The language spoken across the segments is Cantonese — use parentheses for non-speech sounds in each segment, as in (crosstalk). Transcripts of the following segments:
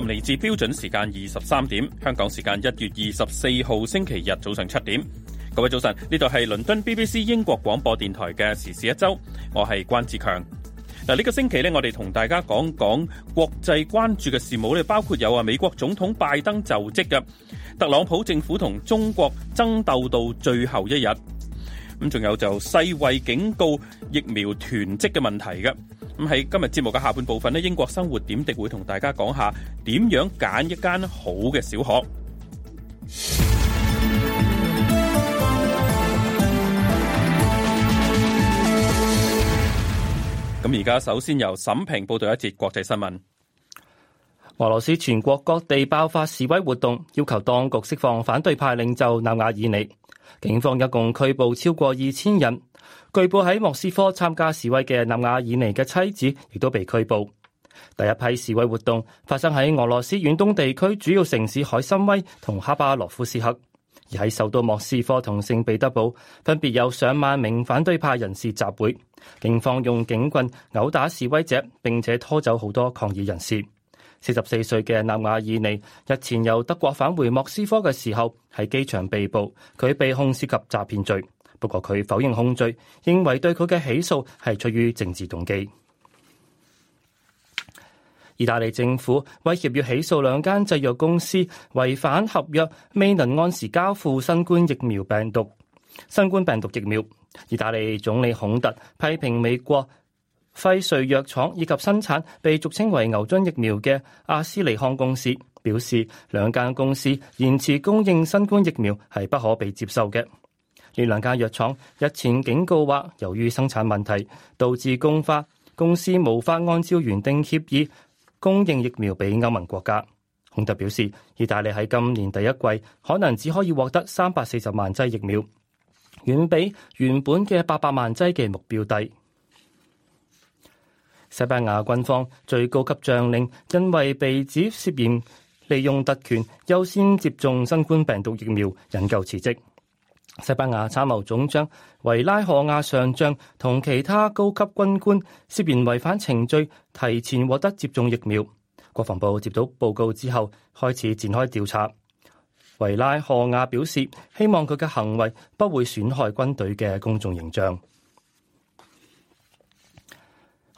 林嚟自標準時間二十三點，香港時間一月二十四號星期日早上七點。各位早晨，呢度係倫敦 BBC 英國廣播電台嘅《時事一周》，我係關志強。嗱，呢個星期咧，我哋同大家講講國際關注嘅事務咧，包括有啊美國總統拜登就職嘅，特朗普政府同中國爭鬥到最後一日。咁仲有就世衛警告疫苗囤積嘅問題嘅，咁喺今日節目嘅下半部分呢，英國生活點滴會同大家講下點樣揀一間好嘅小學。咁而家首先由沈平報道一節國際新聞。俄羅斯全國各地爆發示威活動，要求當局釋放反對派領袖納瓦爾尼。警方一共拘捕超過二千人，據報，喺莫斯科參加示威嘅納瓦爾尼嘅妻子亦都被拘捕。第一批示威活動發生喺俄羅斯遠東地區主要城市海參崴同哈巴羅夫斯克，而喺首都莫斯科同聖彼得堡分別有上萬名反對派人士集會，警方用警棍毆打示威者，並且拖走好多抗議人士。四十四歲嘅納瓦爾尼日前由德國返回莫斯科嘅時候，喺機場被捕，佢被控涉及詐騙罪，不過佢否認控罪，認為對佢嘅起訴係出於政治動機。意大利政府威脅要起訴兩間製藥公司違反合約，未能按時交付新冠疫苗病毒。新冠病毒疫苗，意大利總理孔特批評美國。輝瑞藥廠以及生產被俗稱為牛津疫苗嘅阿斯利康公司表示，兩間公司延遲供應新冠疫苗係不可被接受嘅。呢兩間藥廠日前警告話，由於生產問題，導致公發，公司無法按照原定協議供應疫苗俾歐盟國家。孔特表示，意大利喺今年第一季可能只可以獲得三百四十萬劑疫苗，遠比原本嘅八百萬劑嘅目標低。西班牙軍方最高級將領因為被指涉嫌利用特權優先接種新冠病毒疫苗，引咎辭職。西班牙參謀總長維拉荷亞上將同其他高級軍官涉嫌違反程序，提前獲得接種疫苗。國防部接到報告之後，開始展開調查。維拉荷亞表示，希望佢嘅行為不會損害軍隊嘅公眾形象。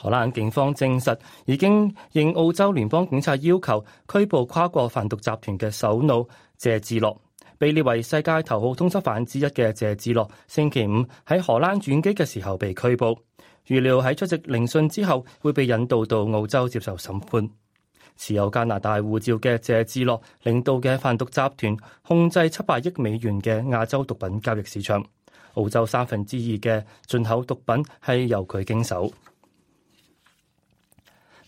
荷蘭警方證實，已經應澳洲聯邦警察要求拘捕跨國販毒集團嘅首腦謝志樂。被列為世界頭號通緝犯之一嘅謝志樂，星期五喺荷蘭轉機嘅時候被拘捕，預料喺出席聆訊之後會被引渡到澳洲接受審判。持有加拿大護照嘅謝志樂領導嘅販毒集團控制七百億美元嘅亞洲毒品交易市場，澳洲三分之二嘅進口毒品係由佢經手。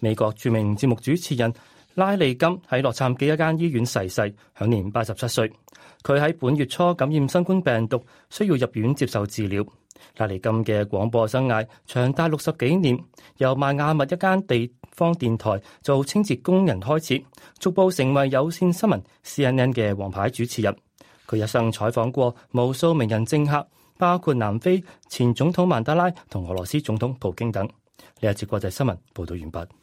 美國著名節目主持人拉利金喺洛杉磯一間醫院逝世，享年八十七歲。佢喺本月初感染新冠病毒，需要入院接受治療。拉利金嘅廣播生涯長達六十幾年，由邁亞密一間地方電台做清潔工人開始，逐步成為有線新聞 CNN 嘅王牌主持人。佢一生採訪過無數名人政客，包括南非前總統曼德拉同俄羅斯總統普京等。呢一節國際新聞報道完畢。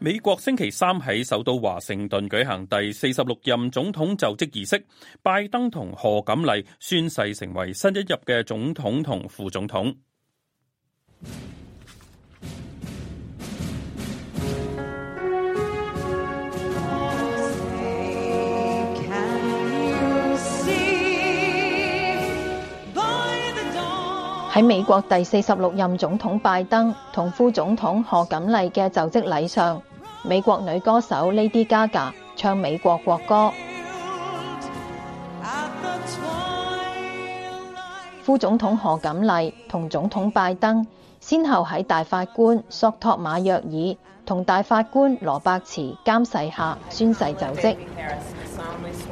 美國星期三喺首都華盛頓舉行第四十六任總統就職儀式，拜登同賀錦麗宣誓成為新一任嘅總統同副總統。喺美國第四十六任總統拜登同副總統賀錦麗嘅就職禮上。美國女歌手 Lady Gaga 唱美國國歌。 (music) 副總統何錦麗同總統拜登，先後喺大法官索托馬約爾同大法官羅伯茨監誓下宣誓就職。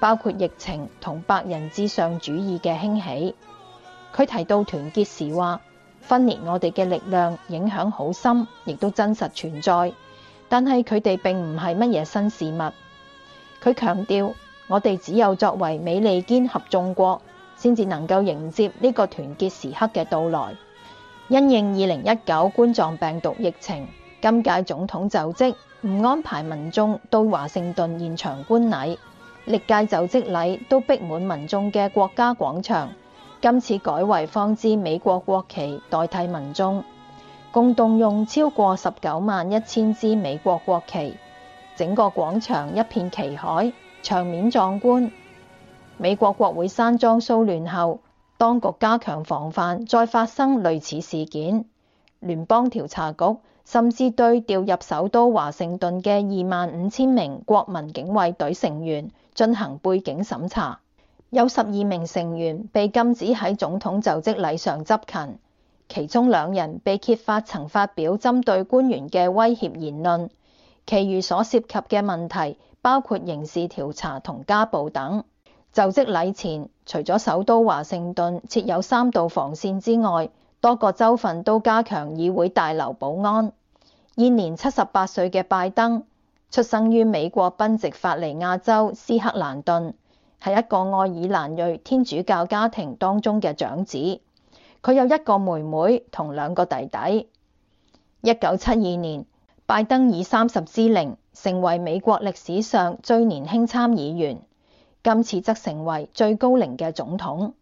包括疫情同白人至上主義嘅興起，佢提到團結時話：分裂我哋嘅力量影響好深，亦都真實存在。但係但係佢哋並唔係乜嘢新事物。佢強調：我哋只有作為美利堅合眾國，先至能夠迎接呢個團結時刻嘅到來。因應二零一九冠狀病毒疫情，今屆總統就職唔安排民眾到華盛頓現場觀禮。歷屆就職禮都逼滿民眾嘅國家廣場，今次改為放置美國國旗代替民眾，共動用超過十九萬一千支美國國旗，整個廣場一片旗海，場面壯觀。美國國會山莊騷亂後，當局加強防範，再發生類似事件，聯邦調查局甚至對調入首都華盛頓嘅二萬五千名國民警衛隊成員，進行背景審查，有十二名成員被禁止喺總統就職禮上執勤，其中兩人被揭發曾發表針對官員嘅威脅言論，其餘所涉及嘅問題包括刑事調查同家暴等。就職禮前，除咗首都華盛頓設有三道防線之外，多個州份都加強議會大樓保安。現年七十八歲嘅拜登，出生於美國賓夕法尼亞州斯克蘭頓，係一個愛爾蘭裔天主教家庭當中嘅長子。佢有一個妹妹同兩個弟弟。一九七二年，拜登以三十之齡成為美國歷史上最年輕參議員，今次則成為最高齡嘅總統。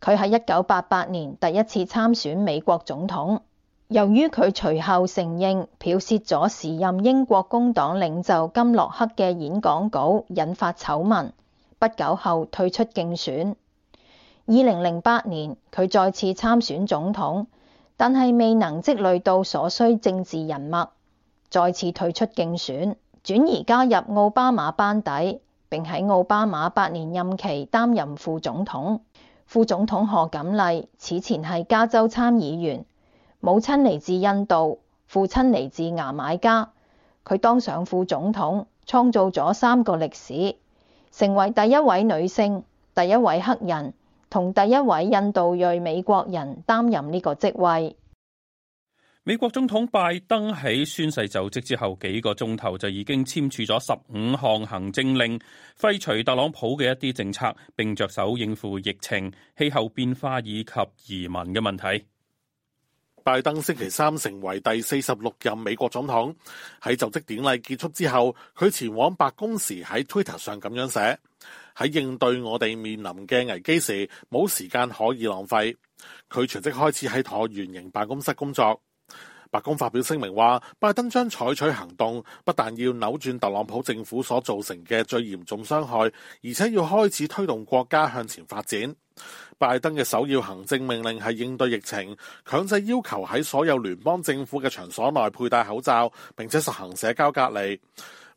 佢喺一九八八年第一次參選美國總統。由於佢隨後承認剽竊咗時任英國工黨領袖金諾克嘅演講稿，引發醜聞，不久後退出競選。二零零八年，佢再次參選總統，但係未能積累到所需政治人脈，再次退出競選，轉而加入奧巴馬班底，並喺奧巴馬八年任期擔任副總統。副總統賀錦麗此前係加州參議員。母親嚟自印度，父親嚟自牙買加。佢當上副總統，創造咗三個歷史，成為第一位女性、第一位黑人同第一位印度裔美國人擔任呢個職位。美國總統拜登喺宣誓就職之後幾個鐘頭就已經簽署咗十五項行政令，廢除特朗普嘅一啲政策，並着手應付疫情、氣候變化以及移民嘅問題。拜登星期三成為第四十六任美國總統。喺就職典禮結束之後，佢前往白宮時喺推特上咁樣寫：喺應對我哋面臨嘅危機時，冇時間可以浪費。佢隨即開始喺橢圓形辦公室工作。白宮發表聲明話，拜登將採取行動，不但要扭轉特朗普政府所造成嘅最嚴重傷害，而且要開始推動國家向前發展。拜登嘅首要行政命令係應對疫情，強制要求喺所有聯邦政府嘅場所內佩戴口罩，並且實行社交隔離。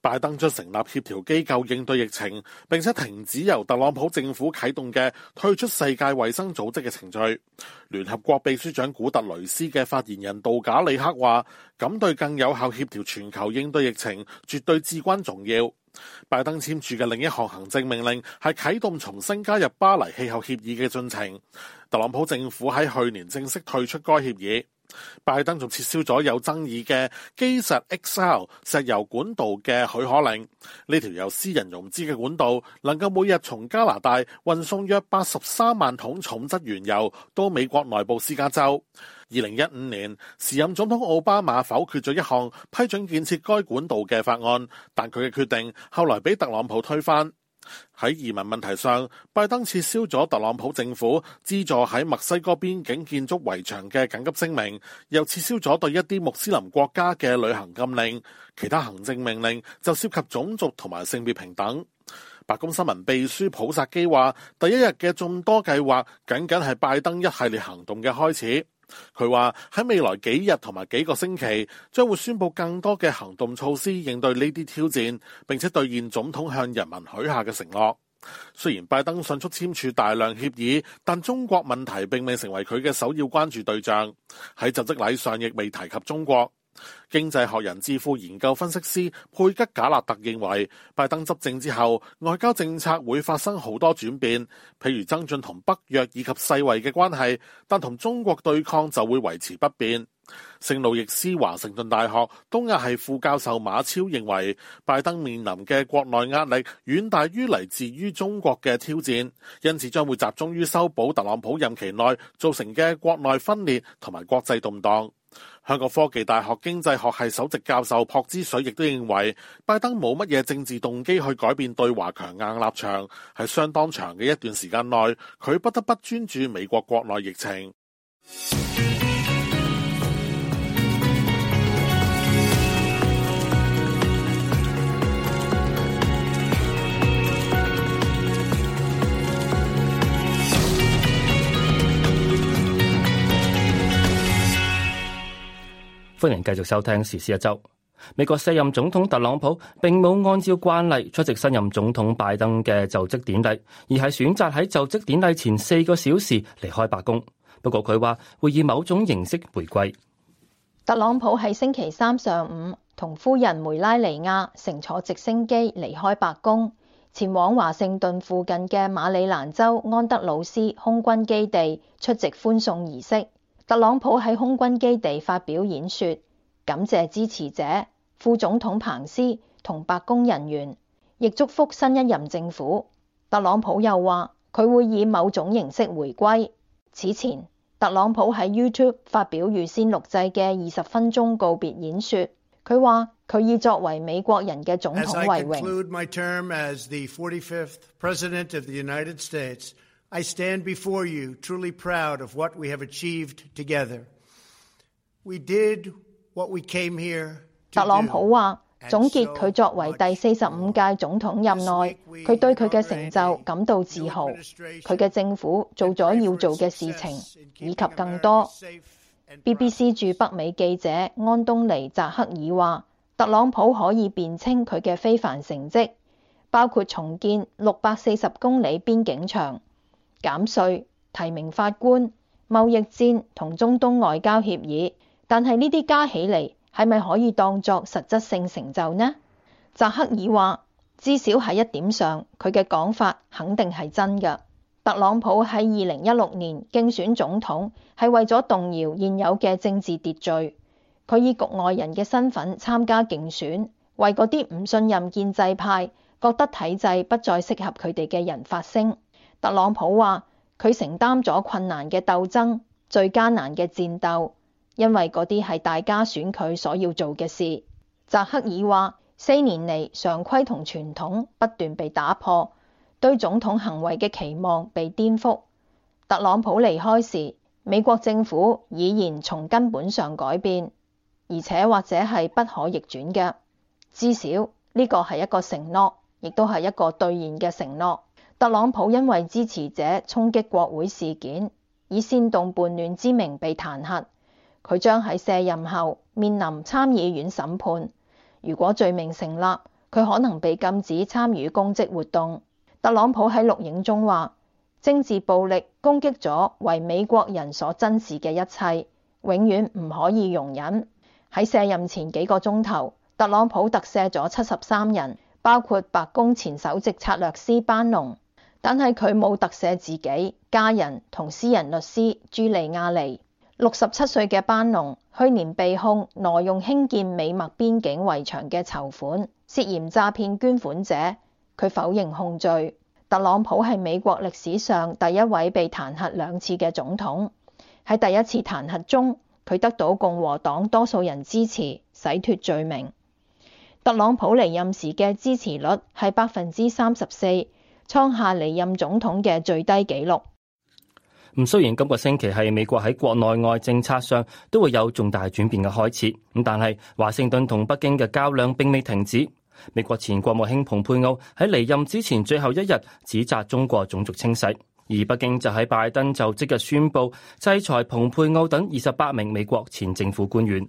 拜登將成立協調機構應對疫情，並且停止由特朗普政府啟動嘅退出世界衛生組織嘅程序。聯合國秘書長古特雷斯嘅發言人杜賈里克話，咁對更有效協調全球應對疫情絕對至關重要。拜登簽署嘅另一項行政命令係啟動重新加入巴黎氣候協議嘅進程。特朗普政府喺去年正式退出該協議。拜登仲撤銷咗有爭議嘅基石 XL 石油管道嘅許可令。呢條由私人融資嘅管道，能夠每日從加拿大運送約八十三萬桶重質原油到美國內布拉斯加州。二零一五年，時任總統奧巴馬否決咗一項批准建設該管道嘅法案，但佢嘅決定後來俾特朗普推翻。喺移民問題上，拜登撤銷咗特朗普政府資助喺墨西哥邊境建築圍牆嘅緊急聲明，又撤銷咗對一啲穆斯林國家嘅旅行禁令。其他行政命令就涉及種族同埋性別平等。白宮新聞秘書普薩基話，第一日嘅眾多計劃僅僅係拜登一系列行動嘅開始。佢話喺未來幾日同埋幾個星期，將會宣布更多嘅行動措施應對呢啲挑戰，並且兌現總統向人民許下嘅承諾。雖然拜登迅速簽署大量協議，但中國問題並未成為佢嘅首要關注對象。喺就職禮上亦未提及中國。經濟學人智庫研究分析師佩吉賈納特認為，拜登執政之後，外交政策會發生好多轉變，譬如增進同北約以及世衛嘅關係，但同中國對抗就會維持不變。聖路易斯華盛頓大學東亞系副教授馬超認為，拜登面臨嘅國內壓力遠大於來自於中國嘅挑戰，因此將會集中於修補特朗普任期內造成嘅國內分裂同埋國際動盪。香港科技大學經濟學系首席教授朴之水亦都認為，拜登冇乜嘢政治動機去改變對華強硬立場，喺相當長嘅一段時間內，佢不得不專注美國國內疫情。歡迎繼續收聽時事一周。美國卸任總統特朗普並冇按照慣例出席新任總統拜登嘅就職典禮，而係選擇喺就職典禮前四個小時離開白宮。不過佢話會以某種形式回歸。特朗普喺星期三上午同夫人梅拉尼亞乘坐直升機離開白宮，前往華盛頓附近嘅馬里蘭州安德魯斯空軍基地出席歡送儀式。特朗普喺空軍基地發表演說，感謝支持者、副總統彭斯同白宮人員，亦祝福新一任政府。特朗普又話佢會以某種形式回歸。此前，特朗普喺 YouTube 發表預先錄製嘅二十分鐘告別演說，佢話佢以作為美國人嘅總統為榮。As I stand before you truly proud of what we have achieved together. We did what we came here. 特朗普話總結佢作為第四十五屆總統任內，佢對佢嘅成就感到自豪，佢嘅政府做咗要做嘅事情，以及更多。BBC 駐北美記者安東尼扎克爾話，特朗普可以辯稱佢嘅非凡成績，包括重建六百四十公里邊境牆。減稅、提名法官、貿易戰同中東外交協議，但係呢啲加起嚟係咪可以當作實質性成就呢？扎克爾話：至少喺一點上，佢嘅講法肯定係真嘅。特朗普喺二零一六年競選總統，係為咗動搖現有嘅政治秩序。佢以局外人嘅身份參加競選，為嗰啲唔信任建制派、覺得體制不再適合佢哋嘅人發聲。特朗普話佢承擔咗困難嘅鬥爭、最艱難嘅戰鬥，因為嗰啲係大家選佢所要做嘅事。扎克爾話：四年嚟，常規同傳統不斷被打破，對總統行為嘅期望被顛覆。特朗普離開時，美國政府已然從根本上改變，而且或者係不可逆轉嘅。至少呢個係一個承諾，亦都係一個兌現嘅承諾。特朗普因為支持者衝擊國會事件，以煽動叛亂之名被彈劾。佢將喺卸任後面臨參議院審判。如果罪名成立，佢可能被禁止參與公職活動。特朗普喺錄影中話，政治暴力攻擊咗為美國人所珍視嘅一切，永遠唔可以容忍。喺卸任前幾個鐘頭，特朗普特赦咗七十三人，包括白宮前首席策略師班農。但係佢冇特赦自己家人同私人律師朱利亞尼。六十七歲嘅班農去年被控挪用興建美墨邊境圍牆嘅籌款，涉嫌詐騙捐款者。佢否認控罪。特朗普係美國歷史上第一位被彈劾兩次嘅總統。喺第一次彈劾中，佢得到共和黨多數人支持，洗脫罪名。特朗普離任時嘅支持率係百分之三十四。創下離任總統嘅最低紀錄。咁雖然今個星期係美國喺國內外政策上都會有重大轉變嘅開始，咁但係華盛頓同北京嘅較量並未停止。美國前國務卿蓬佩奧喺離任之前最後一日指責中國種族清洗，而北京就喺拜登就職日宣布制裁蓬佩奧等二十八名美國前政府官員。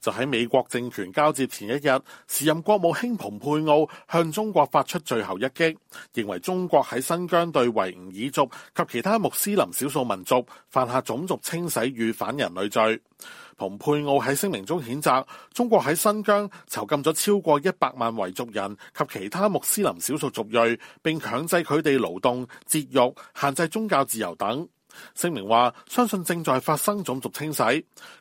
就喺美國政權交接前一日，時任國務卿蓬佩奧向中國發出最後一擊，認為中國喺新疆對維吾爾族及其他穆斯林少數民族犯下種族清洗與反人類罪。蓬佩奧喺聲明中譴責中國喺新疆囚禁咗超過一百萬維族人及其他穆斯林少數族裔，並強制佢哋勞動、節育、限制宗教自由等。聲明話相信正在發生種族清洗。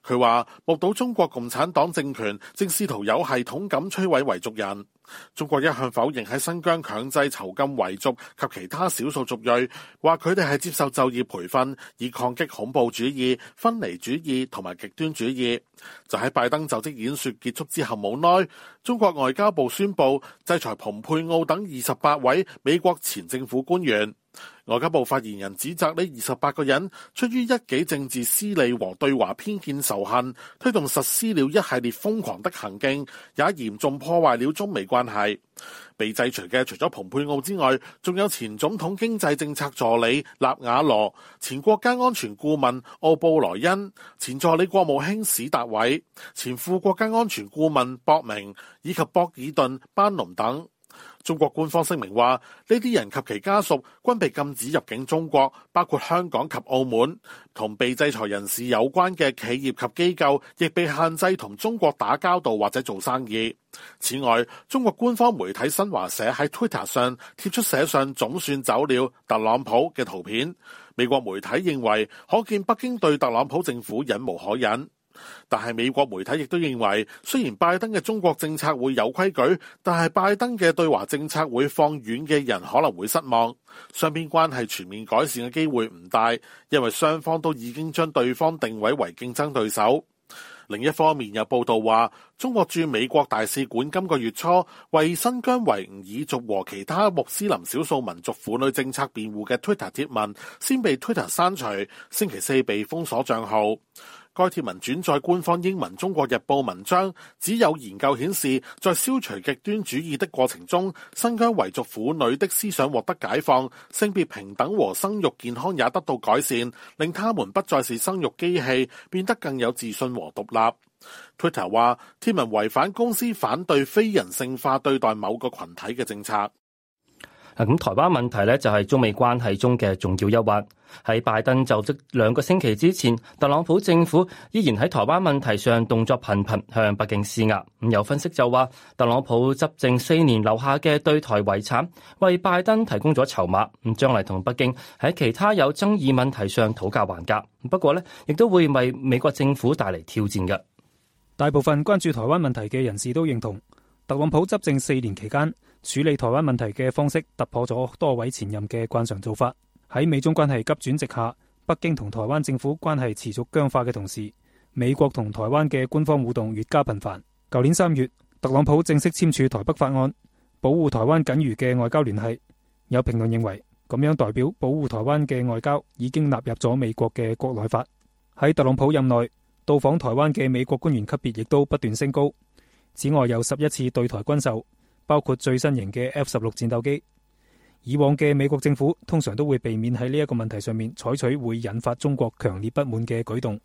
佢話目睹中國共產黨政權正試圖有系統咁摧毀維族人。中國一向否認喺新疆強制囚禁維族及其他少數族裔，話佢哋係接受就業培訓以抗擊恐怖主義、分離主義同埋極端主義。就喺拜登就職演說結束之後冇耐，中國外交部宣布制裁蓬佩奧等二十八位美國前政府官員。外交部發言人指責呢二十八個人出於一己政治私利和對華偏見仇恨，推動實施了一系列瘋狂的行徑，也嚴重破壞了中美關係。被制裁嘅除咗蓬佩奧之外，仲有前總統經濟政策助理納瓦羅、前國家安全顧問奧布萊恩、前助理國務卿史達偉、前副國家安全顧問博明以及博爾頓、班農等。中國官方聲明話，呢啲人及其家屬均被禁止入境中國，包括香港及澳門。同被制裁人士有關嘅企業及機構，亦被限制同中國打交道或者做生意。此外，中國官方媒體新華社喺 Twitter 上貼出寫上“總算走了特朗普”嘅圖片。美國媒體認為，可見北京對特朗普政府忍無可忍。但係美國媒體亦都認為，雖然拜登嘅中國政策會有規矩，但係拜登嘅對華政策會放軟嘅人可能會失望。雙邊關係全面改善嘅機會唔大，因為雙方都已經將對方定位為競爭對手。另一方面有報道話，中國駐美國大使館今個月初為新疆維吾爾族和其他穆斯林少數民族婦女政策辯護嘅 Twitter 貼文，先被 Twitter 刪除，星期四被封鎖賬號。該貼文轉載官方英文《中國日報》文章，只有研究顯示，在消除極端主義的過程中，新疆維族婦女的思想獲得解放，性別平等和生育健康也得到改善，令他們不再是生育機器，變得更有自信和獨立。Twitter 話，貼文違反公司反對非人性化對待某個群體嘅政策。咁台灣問題咧就係、是、中美關係中嘅重要一環。喺拜登就職兩個星期之前，特朗普政府依然喺台灣問題上動作頻頻向北京施壓。咁有分析就話，特朗普執政四年留下嘅對台遺產，為拜登提供咗籌碼，咁將嚟同北京喺其他有爭議問題上討價還價。不過呢，亦都會為美國政府帶嚟挑戰嘅。大部分關注台灣問題嘅人士都認同，特朗普執政四年期間，處理台灣問題嘅方式突破咗多位前任嘅慣常做法。喺美中關係急轉直下，北京同台灣政府關係持續僵化嘅同時，美國同台灣嘅官方互動越加頻繁。舊年三月，特朗普正式簽署《台北法案》，保護台灣僅餘嘅外交聯繫。有評論認為，咁樣代表保護台灣嘅外交已經納入咗美國嘅國內法。喺特朗普任內，到訪台灣嘅美國官員級別亦都不斷升高。此外，有十一次對台軍售。包括最新型嘅 F 十六戰鬥機。以往嘅美國政府，通常都會避免喺呢一個問題上面採取會引發中國強烈不滿嘅舉動。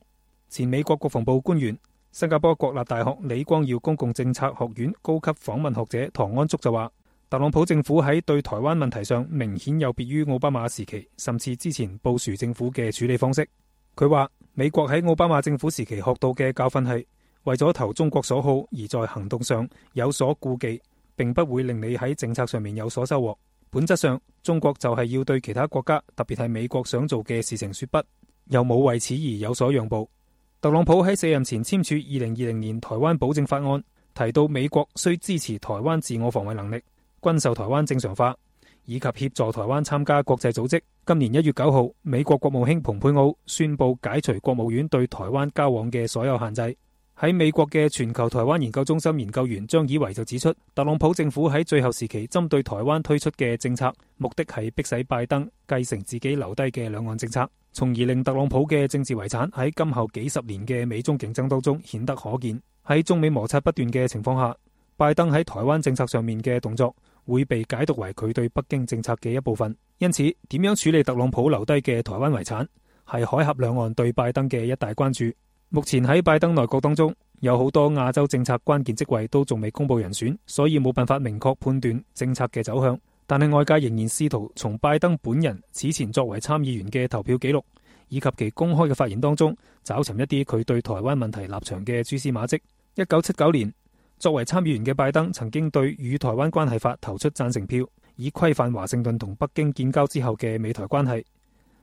前美國國防部官員、新加坡國立大學李光耀公共政策學院高級訪問學者唐安竹就話，特朗普政府喺對台灣問題上明顯有別於奧巴馬時期，甚至之前布殊政府嘅處理方式。佢話，美國喺奧巴馬政府時期學到嘅教訓係為咗投中國所好，而在行動上有所顧忌，並不會令你喺政策上面有所收穫。本質上，中國就係要對其他國家，特別係美國想做嘅事情說不，又冇為此而有所讓步。特朗普喺卸任前簽署二零二零年台灣保證法案，提到美國需支持台灣自我防衛能力、軍售台灣正常化以及協助台灣參加國際組織。今年一月九號，美國國務卿蓬佩奧宣布解除國務院對台灣交往嘅所有限制。喺美國嘅全球台灣研究中心研究員張以維就指出，特朗普政府喺最後時期針對台灣推出嘅政策，目的係迫使拜登繼承自己留低嘅兩岸政策，從而令特朗普嘅政治遺產喺今後幾十年嘅美中競爭當中顯得可見。喺中美摩擦不斷嘅情況下，拜登喺台灣政策上面嘅動作會被解讀為佢對北京政策嘅一部分。因此，點樣處理特朗普留低嘅台灣遺產，係海峽兩岸對拜登嘅一大關注。目前喺拜登內閣當中，有好多亞洲政策關鍵職位都仲未公布人選，所以冇辦法明確判斷政策嘅走向。但係外界仍然試圖從拜登本人此前作為參議員嘅投票記錄，以及其公開嘅發言當中，找尋一啲佢對台灣問題立場嘅蛛絲馬跡。一九七九年，作為參議員嘅拜登曾經對《與台灣關係法》投出贊成票，以規範華盛頓同北京建交之後嘅美台關係。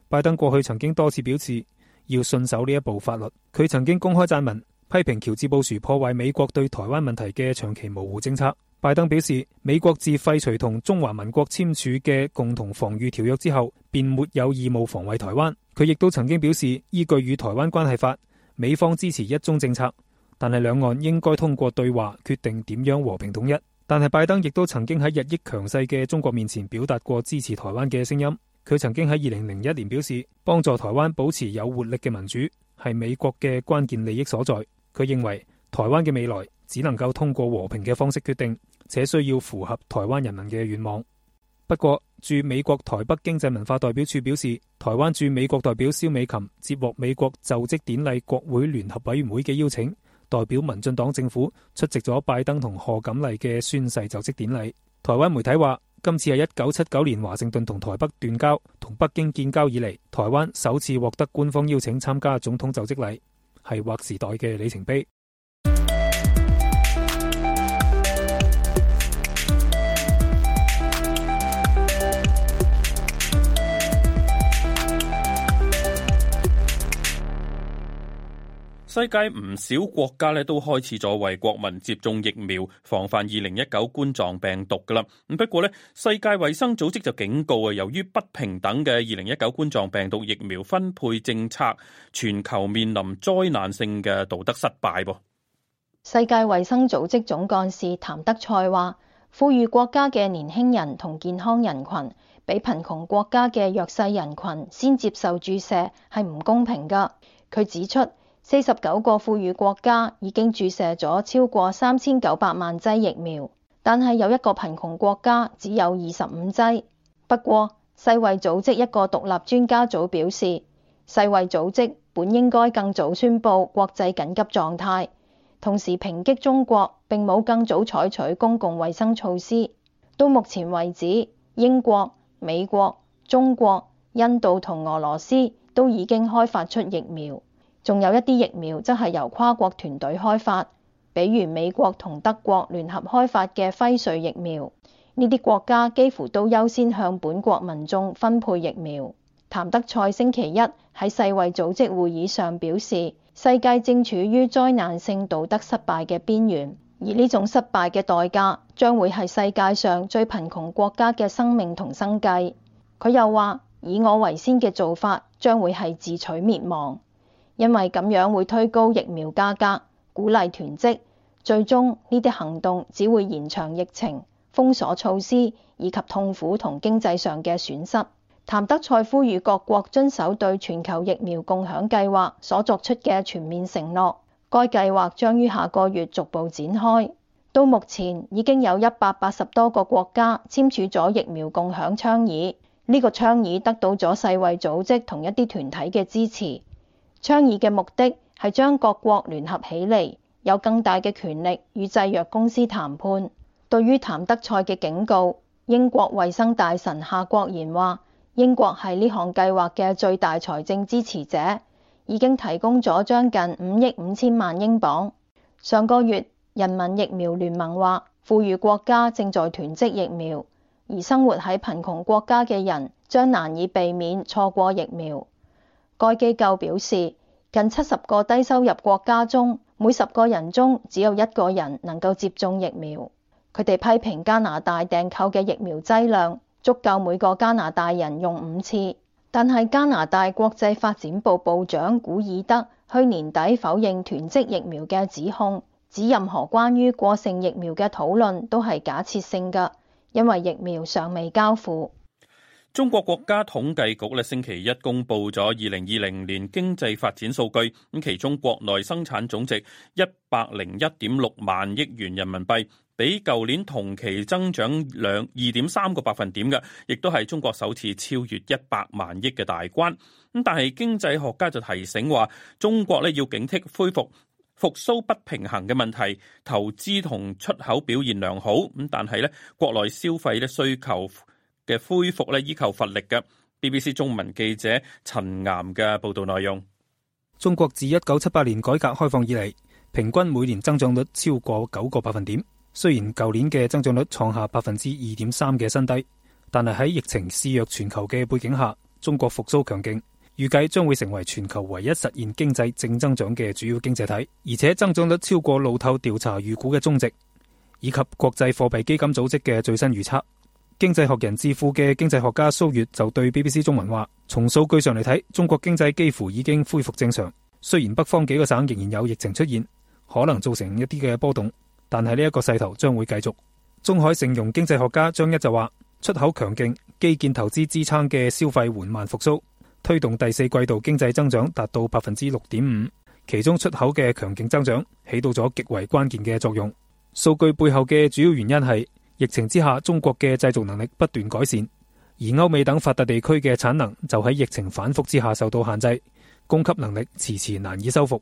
拜登過去曾經多次表示，要信守呢一部法律，佢曾經公開撰文批評喬治布殊破壞美國對台灣問題嘅長期模糊政策。拜登表示，美國自廢除同中華民國簽署嘅共同防禦條約之後，便沒有義務防衛台灣，佢亦都曾經表示，依據與台灣關係法，美方支持一中政策，但係兩岸應該通過對話決定點樣和平統一。但係拜登亦都曾經喺日益強勢嘅中國面前表達過支持台灣嘅聲音。佢曾經喺二零零一年表示，幫助台灣保持有活力嘅民主係美國嘅關鍵利益所在。佢認為台灣嘅未來只能夠通過和平嘅方式決定，且需要符合台灣人民嘅願望。不過，駐美國台北經濟文化代表處表示，台灣駐美國代表蕭美琴接獲美國就職典禮國會聯合委員會嘅邀請，代表民進黨政府出席咗拜登同賀錦麗嘅宣誓就職典禮。台灣媒體話，今次係一九七九年華盛頓同台北斷交，同北京建交以嚟，台灣首次獲得官方邀請參加總統就職禮，係劃時代嘅里程碑。世界唔少國家咧都開始咗為國民接種疫苗，防範二零一九冠狀病毒噶啦。不過咧，世界衛生組織就警告啊，由於不平等嘅二零一九冠狀病毒疫苗分配政策，全球面臨災難性嘅道德失敗。世界衛生組織總幹事譚德賽話，富裕國家嘅年輕人同健康人群，比貧窮國家嘅弱勢人群先接受注射係唔公平噶。佢指出。四十九個富裕國家已經注射咗超過三千九百萬劑疫苗，但係有一個貧窮國家只有二十五劑。不過，世衛組織一個獨立專家組表示，世衛組織本應該更早宣布國際緊急狀態，同時抨擊中國並冇更早採取公共衛生措施。到目前為止，英國、美國、中國、印度同俄羅斯都已經開發出疫苗。仲有一啲疫苗，則係由跨國團隊開發，比如美國同德國聯合開發嘅輝瑞疫苗。呢啲國家幾乎都優先向本國民眾分配疫苗。譚德賽星期一喺世衛組織會議上表示，世界正處於災難性道德失敗嘅邊緣，而呢種失敗嘅代價將會係世界上最貧窮國家嘅生命同生計。佢又話，以我為先嘅做法將會係自取滅亡。因為咁樣會推高疫苗價格，鼓勵囤積，最終呢啲行動只會延長疫情封鎖措施，以及痛苦同經濟上嘅損失。譚德塞呼籲各國遵守對全球疫苗共享計劃所作出嘅全面承諾。該計劃將於下個月逐步展開。到目前已經有一百八十多個國家簽署咗疫苗共享倡議，呢個倡議得到咗世衛組織同一啲團體嘅支持。倡議嘅目的係將各國聯合起嚟，有更大嘅權力與製藥公司談判。對於譚德塞嘅警告，英國衛生大臣夏國賢話：英國係呢項計劃嘅最大財政支持者，已經提供咗將近五億五千萬英鎊。上個月，人民疫苗聯盟話，富裕國家正在囤積疫苗，而生活喺貧窮國家嘅人將難以避免錯過疫苗。該機構表示，近七十個低收入國家中，每十個人中只有一個人能夠接種疫苗。佢哋批評加拿大訂購嘅疫苗劑量足夠每個加拿大人用五次，但係加拿大國際發展部部長古爾德去年底否認囤積疫苗嘅指控，指任何關於過剩疫苗嘅討論都係假設性嘅，因為疫苗尚未交付。中國國家統計局星期一公布咗2020年經濟發展數據,其中國內生產總值101.6萬億元人民幣,比舊年同期增長2.3個百分點,亦都係中國首次超越100萬億的大關。但是經濟學家就提醒話,中國要警惕恢復復甦不平衡的問題,投資和出口表現良好,但是呢國內消費呢需求嘅恢復咧，依靠乏力嘅 BBC 中文記者陳岩嘅報道內容。中國自一九七八年改革開放以嚟，平均每年增長率超過九個百分點。雖然舊年嘅增長率創下百分之二點三嘅新低，但係喺疫情肆虐全球嘅背景下，中國復甦強勁，預計將會成為全球唯一實現經濟正增長嘅主要經濟體，而且增長率超過路透調查預估嘅中值，以及國際貨幣基金組織嘅最新預測。經濟學人智庫嘅經濟學家蘇月就對 BBC 中文話：從數據上嚟睇，中國經濟幾乎已經恢復正常。雖然北方幾個省仍然有疫情出現，可能造成一啲嘅波動，但係呢一個勢頭將會繼續。中海盛融經濟學家張一就話：出口強勁，基建投資支撐嘅消費緩慢復蘇，推動第四季度經濟增長達到百分之六點五。其中出口嘅強勁增長起到咗極為關鍵嘅作用。數據背後嘅主要原因係。疫情之下，中國嘅製造能力不斷改善，而歐美等發達地區嘅產能就喺疫情反復之下受到限制，供給能力遲遲難以修復。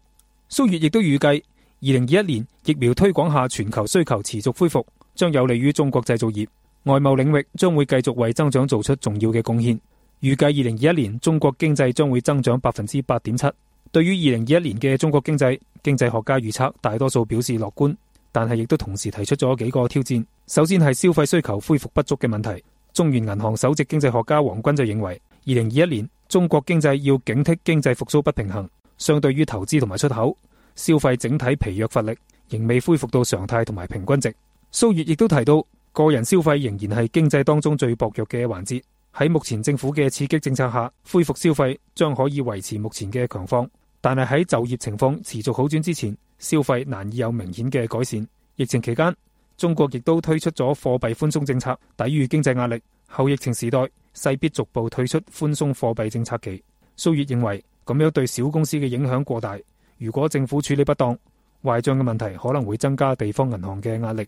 蘇月亦都預計，二零二一年疫苗推廣下全球需求持續恢復，將有利於中國製造業，外貿領域將會繼續為增長做出重要嘅貢獻。預計二零二一年中國經濟將會增長百分之八點七。對於二零二一年嘅中國經濟，經濟學家預測大多數表示樂觀。但係亦都同時提出咗幾個挑戰。首先係消費需求恢復不足嘅問題。中原銀行首席經濟學家王軍就認為，二零二一年中國經濟要警惕經濟復甦不平衡。相對於投資同埋出口，消費整體疲弱乏力，仍未恢復到常態同埋平均值。蘇月亦都提到，個人消費仍然係經濟當中最薄弱嘅環節。喺目前政府嘅刺激政策下，恢復消費將可以維持目前嘅強況。但係喺就業情況持續好轉之前，消費難以有明顯嘅改善。疫情期間，中國亦都推出咗貨幣寬鬆政策，抵禦經濟壓力。後疫情時代，勢必逐步退出寬鬆貨幣政策期。蘇月認為，咁樣對小公司嘅影響過大。如果政府處理不當，壞賬嘅問題可能會增加地方銀行嘅壓力。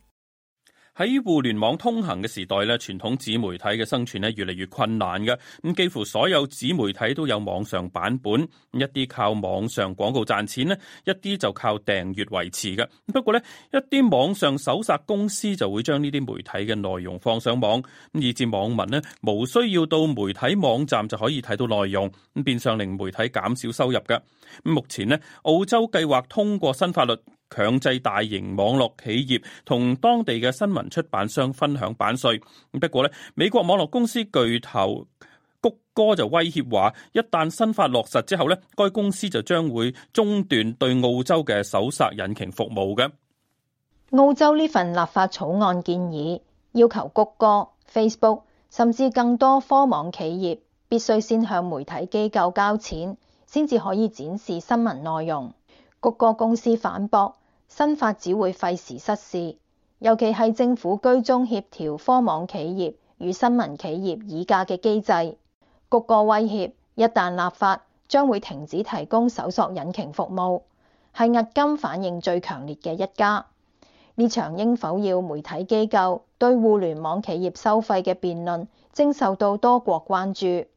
喺互聯網通行嘅時代咧，傳統紙媒體嘅生存咧越嚟越困難嘅。咁幾乎所有紙媒體都有網上版本，一啲靠網上廣告賺錢咧，一啲就靠訂閱維持嘅。不過咧，一啲網上搜索公司就會將呢啲媒體嘅內容放上網，以致網民咧無需要到媒體網站就可以睇到內容，咁變相令媒體減少收入嘅。目前咧，澳洲計劃通過新法律。強制大型網絡企業同當地嘅新聞出版商分享版稅。不過呢，美國網絡公司巨頭谷歌就威脅話，一旦新法落實之後呢該公司就將會中斷對澳洲嘅搜索引擎服務嘅。澳洲呢份立法草案建議要求谷歌、Facebook 甚至更多科網企業必須先向媒體機構交錢，先至可以展示新聞內容。谷歌公司反駁。新法只會費時失事，尤其係政府居中協調科網企業與新聞企業議價嘅機制。谷歌威脅，一旦立法，將會停止提供搜索引擎服務，係押金反應最強烈嘅一家。呢場應否要媒體機構對互聯網企業收費嘅辯論，正受到多國關注。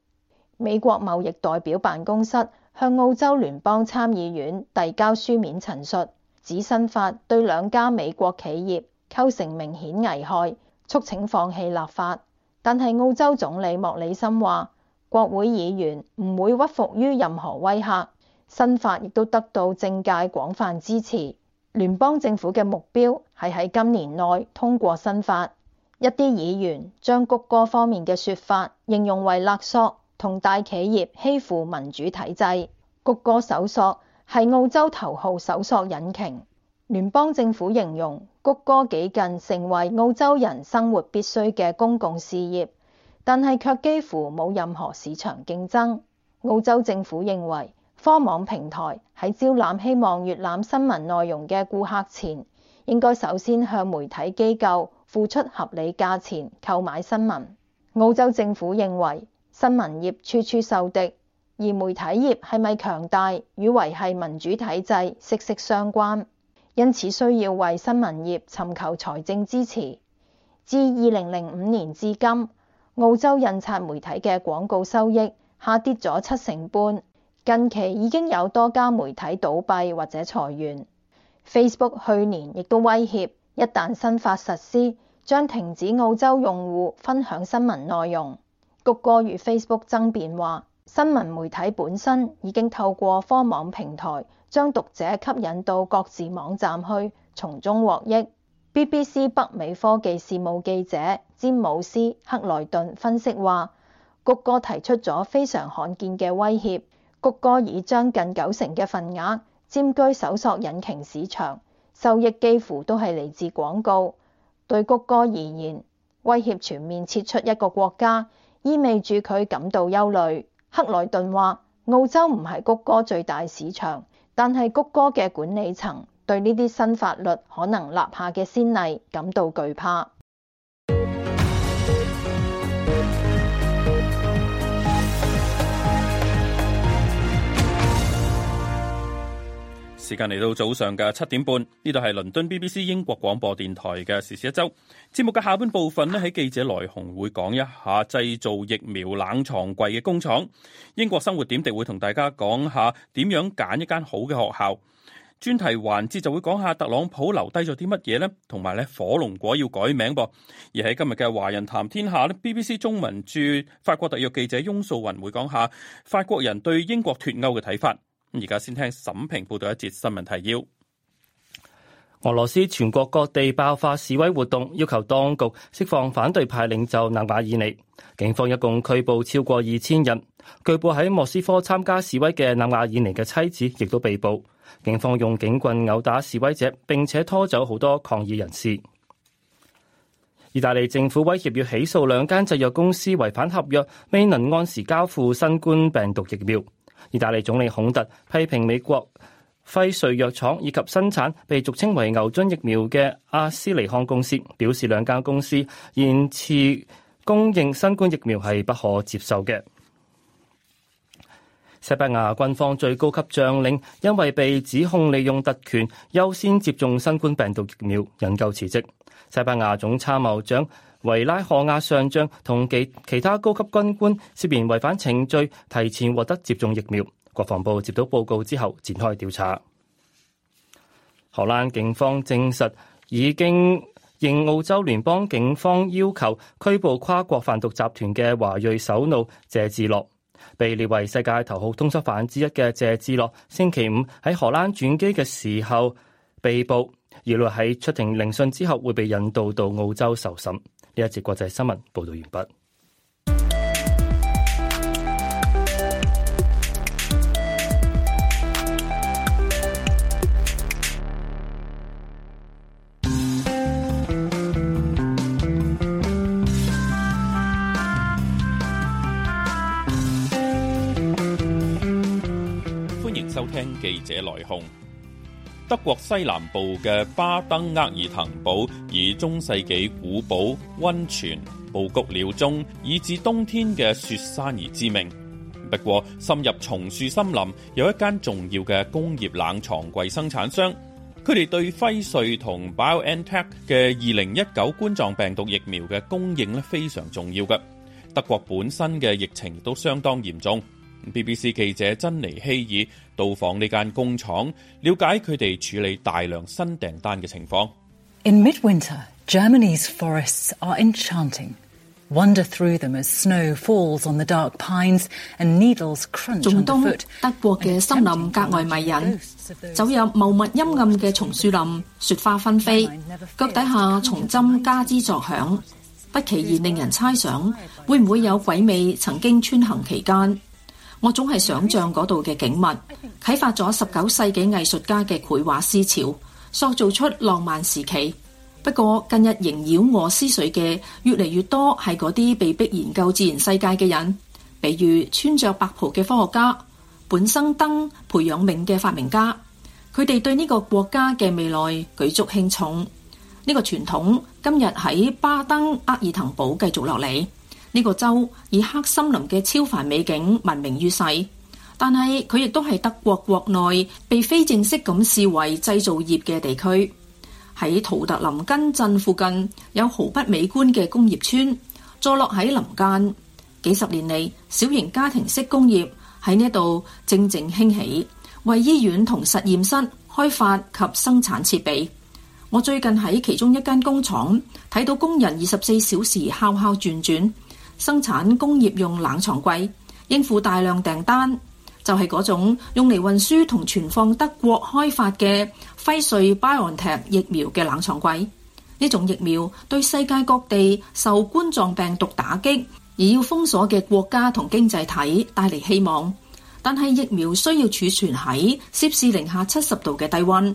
美國貿易代表辦公室向澳洲聯邦參議院遞交書面陳述。指新法對兩家美國企業構成明顯危害，促請放棄立法。但係澳洲總理莫里森話，國會議員唔會屈服於任何威嚇。新法亦都得到政界廣泛支持。聯邦政府嘅目標係喺今年內通過新法。一啲議員將谷歌方面嘅說法形容為勒索，同大企業欺負民主體制。谷歌搜索係澳洲頭號搜索引擎，聯邦政府形容谷歌幾近成為澳洲人生活必須嘅公共事業，但係卻幾乎冇任何市場競爭。澳洲政府認為，科網平台喺招攬希望閱覽新聞內容嘅顧客前，應該首先向媒體機構付出合理價錢購買新聞。澳洲政府認為，新聞業處處受敵，而媒體業係咪強大與維繫民主體制息息相關，因此需要為新聞業尋求財政支持。自二零零五年至今，澳洲印刷媒體嘅廣告收益下跌咗七成半，近期已經有多家媒體倒閉或者裁員。Facebook 去年亦都威脅，一旦新法實施，將停止澳洲用戶分享新聞內容。谷歌與 Facebook 爭辯話。新聞媒體本身已經透過科網平台將讀者吸引到各自網站去，從中獲益。BBC 北美科技事務記者詹姆斯·克萊頓分析話，谷歌提出咗非常罕見嘅威脅。谷歌已將近九成嘅份額佔據搜索引擎市場，收益幾乎都係嚟自廣告。對谷歌而言，威脅全面撤出一個國家，意味住佢感到憂慮。克萊頓話：澳洲唔係谷歌最大市場，但係谷歌嘅管理層對呢啲新法律可能立下嘅先例感到懼怕。時間嚟到早上嘅七點半，呢度係倫敦 BBC 英國廣播電台嘅時事一周節目嘅下半部分咧，喺記者來鴻會講一下製造疫苗冷藏櫃嘅工廠。英國生活點滴會同大家講下點樣揀一間好嘅學校。專題環節就會講下特朗普留低咗啲乜嘢呢？同埋咧，火龍果要改名噃。而喺今日嘅華人談天下呢，BBC 中文駐法國特約記者翁素雲會講下法國人對英國脫歐嘅睇法。而家先聽沈平報道一節新聞提要。俄羅斯全國各地爆發示威活動，要求當局釋放反對派領袖納瓦爾尼。警方一共拘捕超過二千人，拘捕喺莫斯科參加示威嘅納瓦爾尼嘅妻子，亦都被捕。警方用警棍毆打示威者，並且拖走好多抗議人士。意大利政府威脅要起訴兩間製藥公司違反合約，未能按時交付新冠病毒疫苗。意大利總理孔特批評美國輝瑞藥廠以及生產被俗稱為牛津疫苗嘅阿斯利康公司，表示兩間公司延遲供應新冠疫苗係不可接受嘅。西班牙軍方最高級將領因為被指控利用特權優先接種新冠病毒疫苗，引咎辭職。西班牙總參謀長維拉荷亞上將同其其他，高級軍官涉嫌違，違反程序提前獲得接種疫苗。國防部接到報告之後展開調查。荷蘭警方證實已經應澳洲聯邦警方要求拘捕跨國販毒集團嘅華裔首腦謝志樂。被列為世界頭號通緝犯之一嘅謝志樂，星期五喺荷蘭轉機嘅時候被捕，預料喺出庭聆訊之後會被引渡到澳洲受審。呢一節國際新聞報道完畢。歡迎收聽記者來鴻。德國西南部嘅巴登厄爾騰堡以中世紀古堡、温泉、布穀鳥鐘，以至冬天嘅雪山而知名。不過，深入松樹森林有一間重要嘅工業冷藏櫃生產商，佢哋對輝瑞同 BioNTech 嘅二零一九冠狀病毒疫苗嘅供應呢非常重要嘅。德國本身嘅疫情都相當嚴重。BBC 記者珍妮希爾到訪呢間工廠，了解佢哋處理大量新訂單嘅情況。In midwinter, Germany's forests are enchanting, wander through them as snow falls on the dark pines and needles crunch underfoot. 仲冬，德國嘅森林格外迷人。走入茂密陰暗嘅松樹林，雪花紛飛，腳底下松針加織作響，不期然令人猜想會唔會有鬼魅曾經穿行其間。我總係想像嗰度嘅景物，啟發咗十九世紀藝術家嘅繪畫思潮，塑造出浪漫時期。不過近日縈繞我思緒嘅越嚟越多係嗰啲被逼研究自然世界嘅人，比如穿着白袍嘅科學家、本生燈、培養皿嘅發明家。佢哋對呢個國家嘅未來舉足輕重。呢個傳統今日喺巴登厄爾滕堡繼續落嚟。呢個州以黑森林嘅超凡美景聞名於世，但係佢亦都係德國國內被非正式咁視為製造業嘅地區。喺圖特林根鎮附近有毫不美觀嘅工業村，坐落喺林間。幾十年嚟，小型家庭式工業喺呢度正正興起，為醫院同實驗室開發及生產設備。我最近喺其中一間工廠睇到工人二十四小時敲敲轉轉。生產工業用冷藏櫃，應付大量訂單，就係、是、嗰種用嚟運輸同存放德國開發嘅輝瑞拜昂特疫苗嘅冷藏櫃。呢種疫苗對世界各地受冠狀病毒打擊而要封鎖嘅國家同經濟體帶嚟希望，但係疫苗需要儲存喺攝氏零下七十度嘅低溫。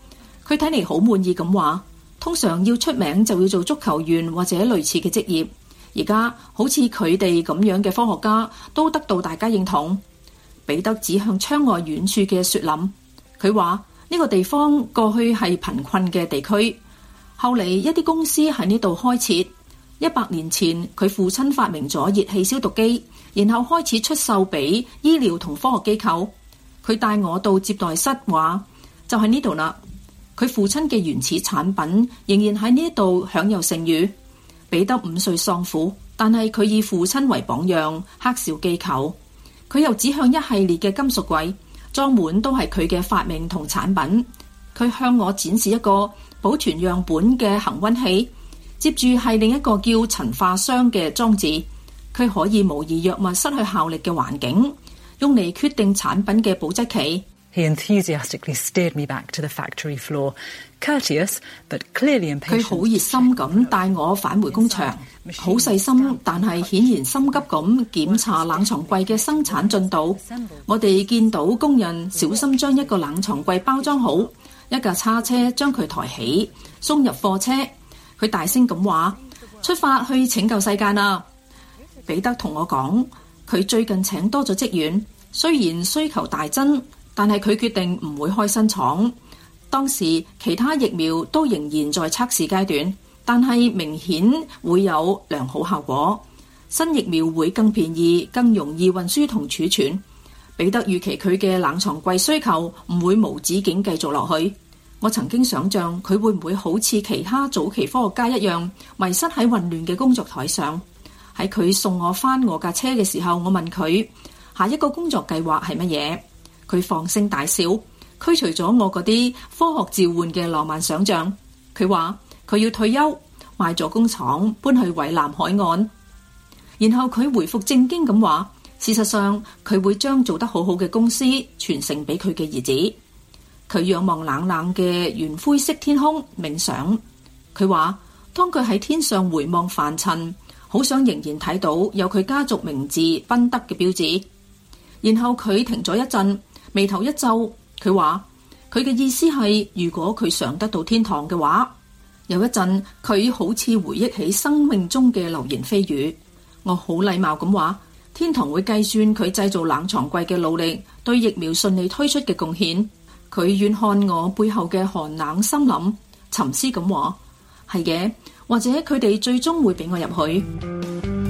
佢睇嚟好滿意咁話，通常要出名就要做足球員或者類似嘅職業。而家好似佢哋咁樣嘅科學家都得到大家認同。彼得指向窗外遠處嘅雪林，佢話呢個地方過去係貧困嘅地區，後嚟一啲公司喺呢度開設。一百年前佢父親發明咗熱氣消毒機，然後開始出售俾醫療同科學機構。佢帶我到接待室，話就喺呢度啦。佢父親嘅原始產品仍然喺呢度享有盛譽。彼得五歲喪父，但係佢以父親為榜樣，克紹箕裘。佢又指向一系列嘅金屬櫃，裝滿都係佢嘅發明同產品。佢向我展示一個保存樣本嘅恆溫器，接住係另一個叫陳化箱嘅裝置，佢可以模擬藥物失去效力嘅環境，用嚟決定產品嘅保質期。佢好熱心咁帶我返回工場，好 (music) 細心，但係顯然心急咁檢查冷藏櫃嘅生產進度。 (music) 我哋見到工人小心將一個冷藏櫃包裝好，一架叉車將佢抬起，送入貨車。佢大聲咁話：出發去拯救世界啦！彼得同我講，佢最近請多咗職員，雖然需求大增。但係佢決定唔會開新廠。當時其他疫苗都仍然在測試階段，但係明顯會有良好效果。新疫苗會更便宜，更容易運輸同儲存。彼得預期佢嘅冷藏櫃需求唔會無止境繼續落去。我曾經想象佢會唔會好似其他早期科學家一樣，迷失喺混亂嘅工作台上。喺佢送我返我架車嘅時候，我問佢，下一個工作計劃係乜嘢？佢放聲大笑，驅除咗我嗰啲科學召喚嘅浪漫想象。佢話佢要退休，賣咗工廠，搬去維南海岸。然後佢回復正經咁話，事實上佢會將做得好好嘅公司傳承俾佢嘅兒子。佢仰望冷冷嘅圓灰色天空，冥想。佢話當佢喺天上回望凡塵，好想仍然睇到有佢家族名字賓德嘅標誌。然後佢停咗一陣。眉頭一皺，佢話：佢嘅意思係，如果佢上得到天堂嘅話，有一陣佢好似回憶起生命中嘅流言蜚語。我好禮貌咁話：天堂會計算佢製造冷藏櫃嘅努力，對疫苗順利推出嘅貢獻。佢遠看我背後嘅寒冷森林，沉思咁話：係嘅，或者佢哋最終會俾我入去。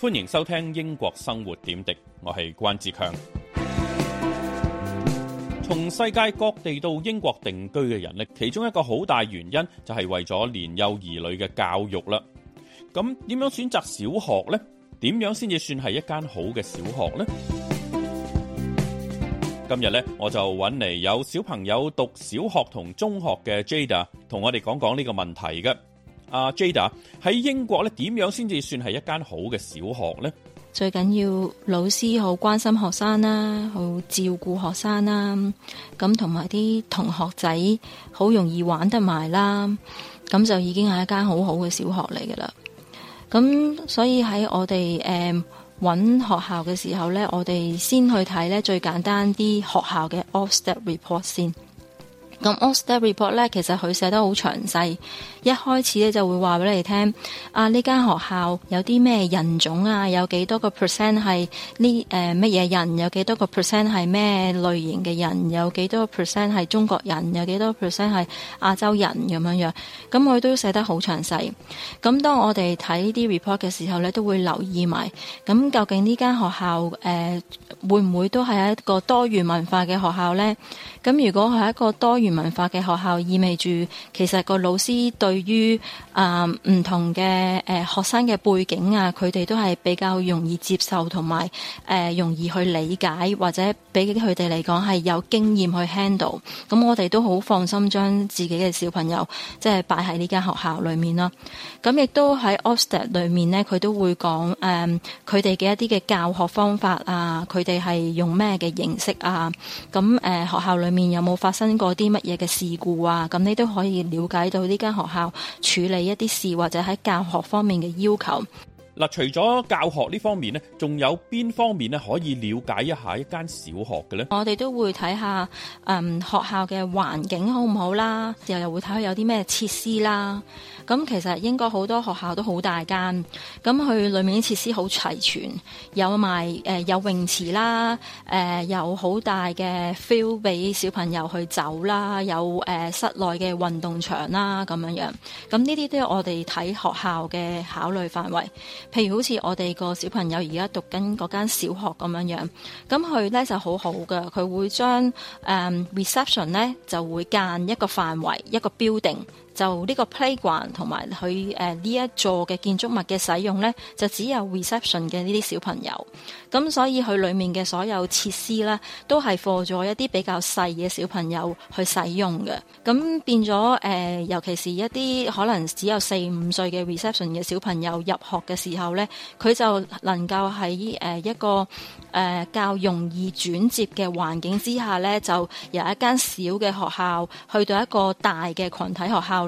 歡迎收聽英國生活點滴，我係關志強。從世界各地到英國定居嘅人咧，其中一個好大原因就係為咗年幼兒女嘅教育啦。咁點樣選擇小學呢？點樣先至算係一間好嘅小學呢？今日咧，我就揾嚟，有小朋友讀小學同中學嘅 Jada，同我哋講講呢個問題嘅。阿、uh, Jada 喺英國咧，點樣先至算係一間好嘅小學呢？最緊要老師好關心學生啦，好照顧學生啦，咁同埋啲同學仔好容易玩得埋啦，咁就已經係一間好好嘅小學嚟噶啦。咁所以喺我哋誒揾學校嘅時候呢，我哋先去睇呢最簡單啲學校嘅 Ofsted report 先。咁 Ofsted Report 咧，其實佢寫得好詳細，一開始咧就會話俾你聽啊，呢間學校有啲咩人種啊，有幾多個 percent 係呢誒乜、呃、嘢人，有幾多個 percent 係咩類型嘅人，有幾多個 percent 係中國人，有幾多 percent 係亞洲人咁樣樣，咁佢都寫得好詳細，咁、嗯、當我哋睇呢啲 report 嘅時候咧，都會留意埋。咁、嗯、究竟呢間學校誒、呃、會唔會都係一個多元文化嘅學校咧？咁、嗯、如果係一個多元，文化嘅學校意味住，其實個老師對於啊唔同嘅誒、呃、學生嘅背景啊，佢哋都係比較容易接受同埋誒容易去理解，或者俾佢哋嚟講係有經驗去 handle。咁、嗯、我哋都好放心將自己嘅小朋友即係擺喺呢間學校裏面咯。咁、嗯、亦都喺 Ofsted 裏面咧，佢都會講誒佢哋嘅一啲嘅教學方法啊，佢哋係用咩嘅形式啊？咁、嗯、誒、呃、學校裏面有冇發生過啲咩？嘢嘅事故啊，咁你都可以了解到呢間學校處理一啲事，或者喺教學方面嘅要求。嗱，除咗教學呢方面咧，仲有邊方面咧可以了解一下一間小學嘅咧？我哋都會睇下，嗯，學校嘅環境好唔好啦，又又會睇下有啲咩設施啦。咁其實英國好多學校都好大間，咁佢裏面啲設施好齊全，有埋誒、呃、有泳池啦，誒、呃、有好大嘅 field 俾小朋友去走啦，有誒、呃、室內嘅運動場啦，咁樣樣。咁呢啲都係我哋睇學校嘅考慮範圍。譬如好似我哋個小朋友而家讀緊嗰間小學咁樣樣，咁佢咧就好好嘅，佢會將誒、呃、reception 咧就會間一個範圍，一個 building。就呢個 playground 同埋佢誒、呃、呢一座嘅建築物嘅使用咧，就只有 reception 嘅呢啲小朋友。咁、嗯、所以佢裏面嘅所有設施咧，都係放咗一啲比較細嘅小朋友去使用嘅。咁、嗯、變咗誒、呃、尤其是一啲可能只有四五歲嘅 reception 嘅小朋友入學嘅時候咧，佢就能夠喺誒、呃、一個誒、呃、較容易轉接嘅環境之下咧，就由一間小嘅學校去到一個大嘅群體學校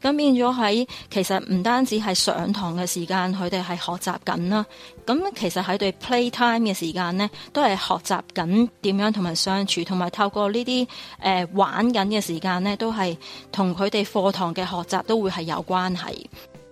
咁變咗喺其實唔單止係上堂嘅時間，佢哋係學習緊啦。咁其實喺對 play time 嘅時間呢，都係學習緊點樣同人相處，同埋透過呢啲誒玩緊嘅時間呢，都係同佢哋課堂嘅學習都會係有關係。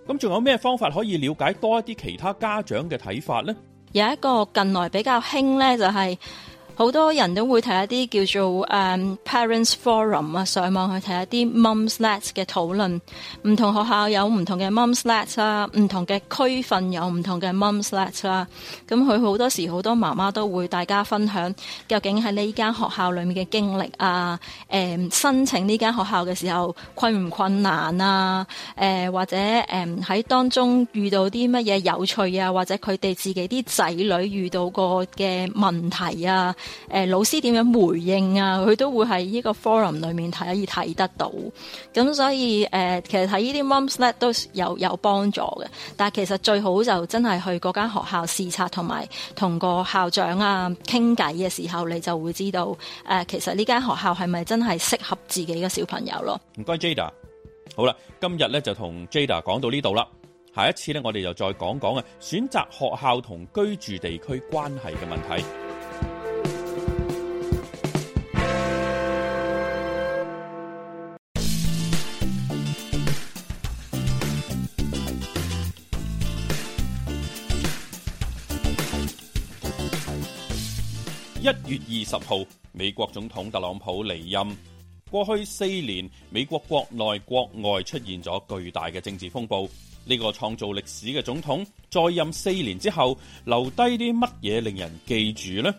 咁仲有咩方法可以了解多一啲其他家長嘅睇法呢？有一個近來比較興呢，就係、是。好多人都會睇一啲叫做誒、um, Parents Forum 啊，上網去睇一啲 Mumsnet 嘅討論。唔同學校有唔同嘅 Mumsnet 啦、嗯，唔同嘅區份有唔同嘅 Mumsnet 啦。咁佢好多時好多媽媽都會大家分享，究竟喺呢間學校裡面嘅經歷啊，誒、嗯、申請呢間學校嘅時候困唔困難啊？誒、嗯、或者誒喺、嗯、當中遇到啲乜嘢有趣啊，或者佢哋自己啲仔女遇到過嘅問題啊？誒、呃，老師點樣回應啊？佢都會喺呢個 forum 裏面睇，可以睇得到。咁所以誒、呃，其實睇呢啲 Mumsnet 都有有幫助嘅。但係其實最好就真係去嗰間學校視察，同埋同個校長啊傾偈嘅時候，你就會知道誒、呃，其實呢間學校係咪真係適合自己嘅小朋友咯？唔該，Jada。好啦，今日咧就同 Jada 講到呢度啦。下一次咧，我哋就再講講啊，選擇學校同居住地區關係嘅問題。一月二十號，美國總統特朗普離任。過去四年，美國國內國外出現咗巨大嘅政治風暴。呢、呢個創造歷史嘅總統在任四年之後，留低啲乜嘢令人記住呢？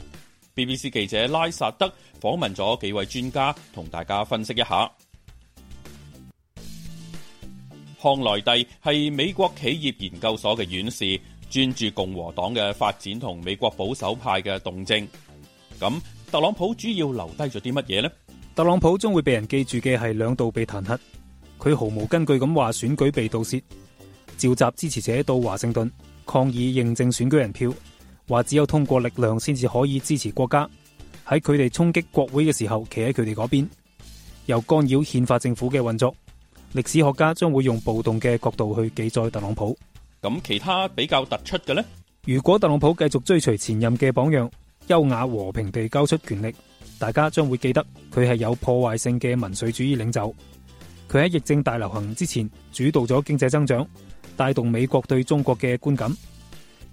BBC 記者拉薩德訪問咗幾位專家，同大家分析一下。康萊 (music) 蒂係美國企業研究所嘅院士，專注共和黨嘅發展同美國保守派嘅動靜。咁特朗普主要留低咗啲乜嘢呢？特朗普將會被人記住嘅係兩度被彈劾，佢毫無根據咁話選舉被盜竊，召集支持者到華盛頓抗議認證選舉人票，話只有通過力量先至可以支持國家。喺佢哋衝擊國會嘅時候，企喺佢哋嗰邊，又干擾憲法政府嘅運作。歷史學家將會用暴動嘅角度去記載特朗普。咁其他比較突出嘅呢？如果特朗普繼續追隨前任嘅榜樣。優雅和平地交出權力，大家將會記得佢係有破壞性嘅民粹主義領袖。佢喺疫症大流行之前主導咗經濟增長，帶動美國對中國嘅觀感，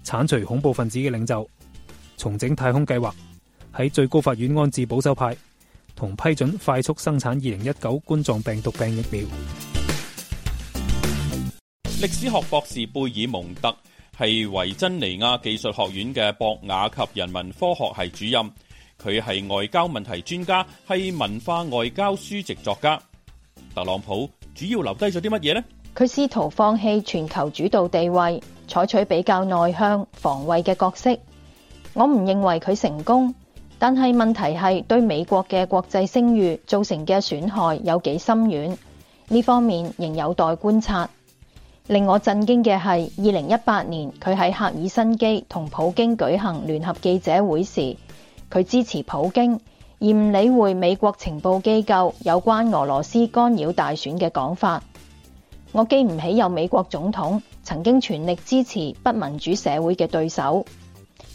鏟除恐怖分子嘅領袖，重整太空計劃，喺最高法院安置保守派，同批准快速生產二零一九冠狀病毒病疫苗。歷史學博士貝爾蒙特。係維珍尼亞技術學院嘅博雅及人文科學系主任，佢係外交問題專家，係文化外交書籍作家。特朗普主要留低咗啲乜嘢呢？佢試圖放棄全球主導地位，採取比較內向防衛嘅角色。我唔認為佢成功，但係問題係對美國嘅國際聲譽造成嘅損害有幾深遠？呢方面仍有待觀察。令我震驚嘅係，二零一八年佢喺赫爾辛基同普京舉行聯合記者會時，佢支持普京，而唔理會美國情報機構有關俄羅斯干擾大選嘅講法。我記唔起有美國總統曾經全力支持不民主社會嘅對手。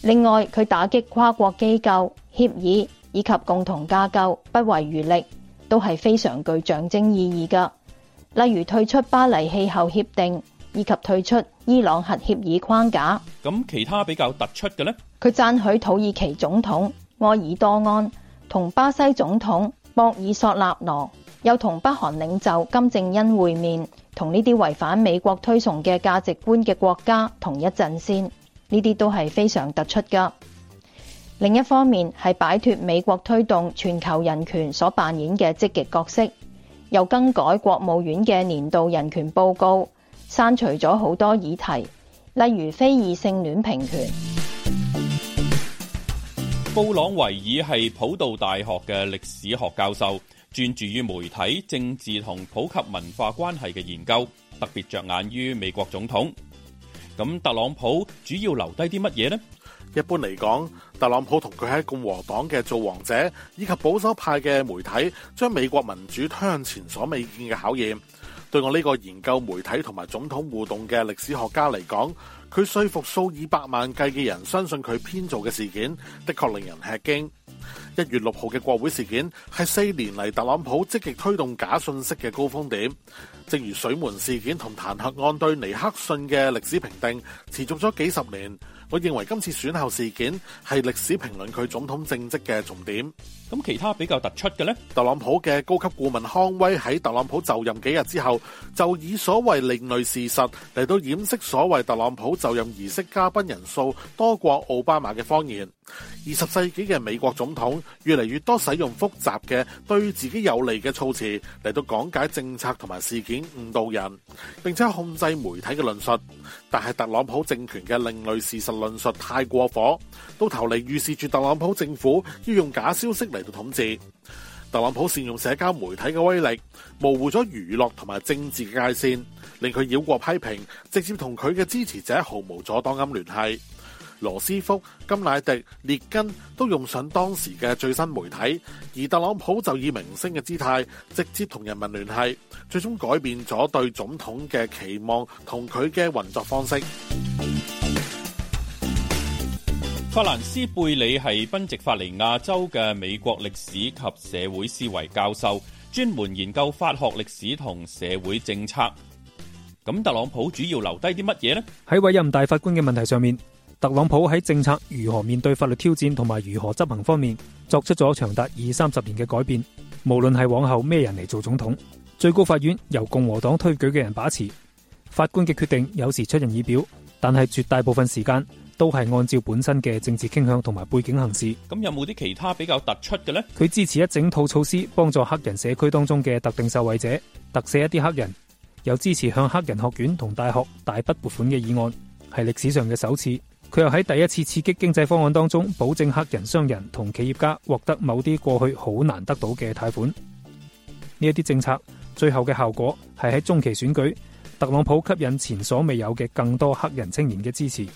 另外，佢打擊跨國機構協議以及共同架構不遺餘力，都係非常具象徵意義㗎。例如退出巴黎氣候協定，以及退出伊朗核協議框架。咁其他比較突出嘅咧？佢贊許土耳其總統埃爾多安同巴西總統博爾索納羅，又同北韓領袖金正恩會面，同呢啲違反美國推崇嘅價值觀嘅國家同一陣線，呢啲都係非常突出噶。另一方面係擺脫美國推動全球人權所扮演嘅積極角色。又更改國務院嘅年度人權報告，刪除咗好多議題，例如非異性戀平權。布朗維爾係普渡大學嘅歷史學教授，專注於媒體、政治同普及文化關係嘅研究，特別着眼於美國總統。咁特朗普主要留低啲乜嘢呢？一般嚟講，特朗普同佢係共和黨嘅造王者，以及保守派嘅媒體，將美國民主推向前所未見嘅考驗。對我呢個研究媒體同埋總統互動嘅歷史學家嚟講，佢說服數以百萬計嘅人相信佢編造嘅事件，的確令人吃驚。一月六號嘅國會事件係四年嚟特朗普積極推動假信息嘅高峰點。正如水門事件同彈劾案對尼克遜嘅歷史評定持續咗幾十年。我認為今次選後事件係歷史評論佢總統政績嘅重點。咁其他比較突出嘅呢，特朗普嘅高級顧問康威喺特朗普就任幾日之後，就以所謂另類事實嚟到掩飾所謂特朗普就任儀式嘉賓人數多過奧巴馬嘅謊言。二十世紀嘅美國總統越嚟越多使用複雜嘅對自己有利嘅措辭嚟到講解政策同埋事件誤導人，並且控制媒體嘅論述。但係特朗普政權嘅另類事實論述太過火，到頭嚟預示住特朗普政府要用假消息嚟到統治。特朗普善用社交媒體嘅威力，模糊咗娛樂同埋政治嘅界線，令佢繞過批評，直接同佢嘅支持者毫無阻擋咁聯繫。羅斯福、金乃迪、列根都用上當時嘅最新媒體，而特朗普就以明星嘅姿態直接同人民聯繫，最終改變咗對總統嘅期望同佢嘅運作方式。法蘭斯貝里係賓夕法尼亞州嘅美國歷史及社會思維教授，專門研究法學歷史同社會政策。咁特朗普主要留低啲乜嘢呢？喺委任大法官嘅問題上面，特朗普喺政策如何面對法律挑戰同埋如何執行方面作出咗長達二三十年嘅改變。無論係往後咩人嚟做總統，最高法院由共和黨推舉嘅人把持，法官嘅決定，有時出人意表，但係絕大部分時間都係按照本身嘅政治傾向同埋背景行事。咁有冇啲其他比較突出嘅咧？佢支持一整套措施幫助黑人社區當中嘅特定受惠者，特赦一啲黑人，又支持向黑人學院同大學大筆撥款嘅議案，係歷史上嘅首次。佢又喺第一次刺激經濟方案當中，保證黑人商人同企業家獲得某啲過去好難得到嘅貸款。呢一啲政策最後嘅效果係喺中期選舉，特朗普吸引前所未有嘅更多黑人青年嘅支持。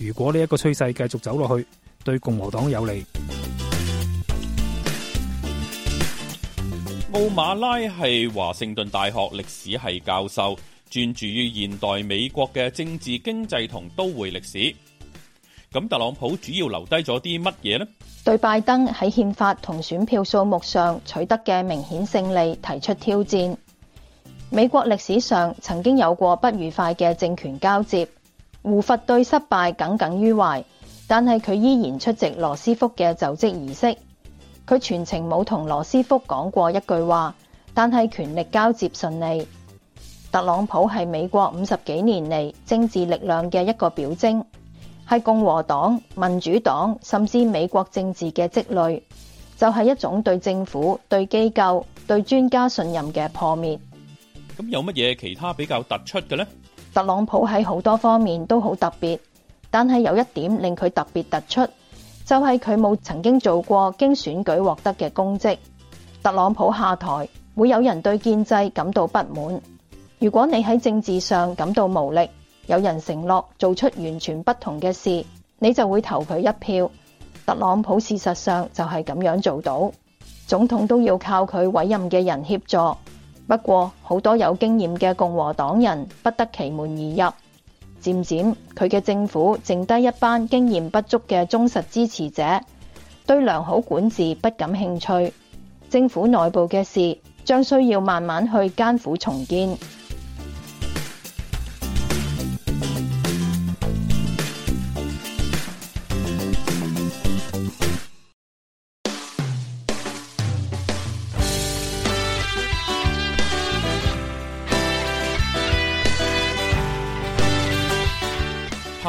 如果呢一個趨勢繼續走落去，對共和黨有利。奧馬拉係華盛頓大學歷史系教授，專注於現代美國嘅政治、經濟同都會歷史。咁特朗普主要留低咗啲乜嘢呢？對拜登喺憲法同選票數目上取得嘅明顯勝利提出挑戰。美國歷史上曾經有過不愉快嘅政權交接，胡佛對失敗耿耿於懷，但係佢依然出席羅斯福嘅就職儀式。佢全程冇同羅斯福講過一句話，但係權力交接順利。特朗普係美國五十幾年嚟，政治力量嘅一個表徵。係共和黨、民主黨，甚至美國政治嘅積累，就係一種對政府、對機構、對專家信任嘅破滅。咁有乜嘢其他比較突出嘅呢？特朗普喺好多方面都好特別，但係有一點令佢特別突出，就係佢冇曾經做過經選舉獲得嘅公職。特朗普下台，會有人對建制感到不滿。如果你喺政治上感到無力。有人承諾做出完全不同嘅事，你就會投佢一票。特朗普事實上就係咁樣做到。總統都要靠佢委任嘅人協助，不過好多有經驗嘅共和黨人不得其門而入。漸漸，佢嘅政府剩低一班經驗不足嘅忠實支持者，對良好管治不感興趣。政府內部嘅事將需要慢慢去艱苦重建。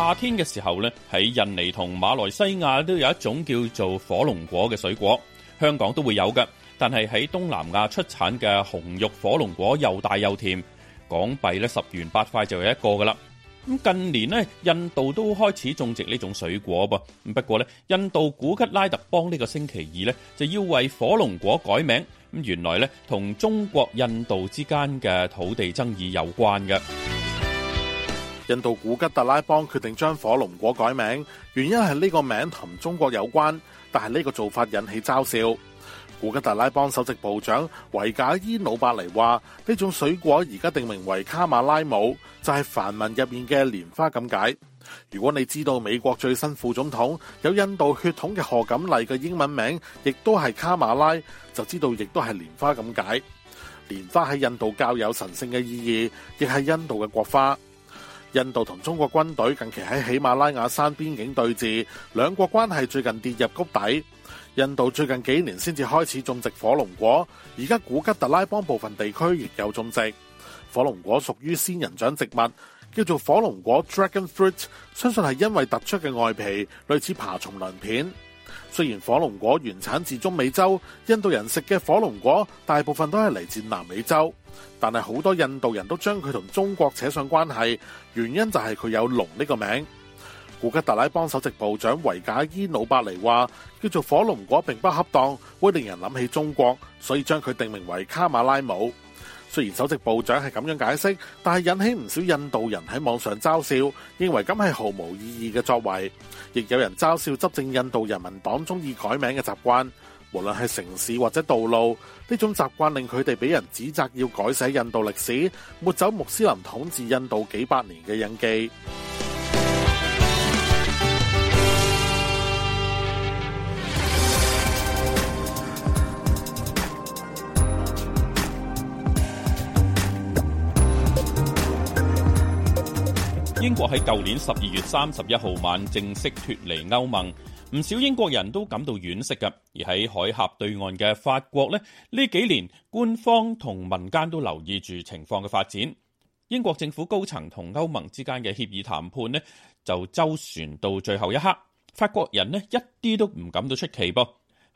夏天嘅時候咧，喺印尼同馬來西亞都有一種叫做火龍果嘅水果，香港都會有㗎。但係喺東南亞出產嘅紅肉火龍果又大又甜，港幣咧十元八塊就有一個噶啦。咁近年咧，印度都開始種植呢種水果噃。不過咧，印度古吉拉特邦呢個星期二咧就要為火龍果改名，咁原來咧同中國印度之間嘅土地爭議有關嘅。印度古吉特拉邦決定將火龍果改名，原因係呢個名同中國有關，但係呢個做法引起嘲笑。古吉特拉邦首席部長維賈伊努伯尼話：呢種水果而家定名為卡馬拉姆，就係梵文入面嘅蓮花咁解。如果你知道美國最新副總統有印度血統嘅賀錦麗嘅英文名，亦都係卡馬拉，就知道亦都係蓮花咁解。蓮花喺印度教有神聖嘅意義，亦係印度嘅國花。印度同中國軍隊近期喺喜馬拉雅山邊境對峙，兩國關係最近跌入谷底。印度最近幾年先至開始種植火龍果，而家古吉特拉邦部分地區亦有種植。火龍果屬於仙人掌植物，叫做火龍果 （dragon fruit），相信係因為突出嘅外皮類似爬蟲鱗片。雖然火龍果原產自中美洲，印度人食嘅火龍果大部分都係嚟自南美洲，但係好多印度人都將佢同中國扯上關係，原因就係佢有龍呢個名。古吉特拉邦首席部長維賈伊努伯尼話，叫做火龍果並不恰當，會令人諗起中國，所以將佢定名為卡馬拉姆。雖然首席部長係咁樣解釋，但係引起唔少印度人喺網上嘲笑，認為咁係毫無意義嘅作為。亦有人嘲笑執政印度人民黨鍾意改名嘅習慣，無論係城市或者道路，呢種習慣令佢哋畀人指責要改寫印度歷史，抹走穆斯林統治印度幾百年嘅印記。英國喺舊年十二月三十一號晚正式脫離歐盟，唔少英國人都感到惋惜嘅。而喺海峽對岸嘅法國呢，呢幾年官方同民間都留意住情況嘅發展。英國政府高層同歐盟之間嘅協議談判呢，就周旋到最後一刻。法國人呢，一啲都唔感到出奇噃。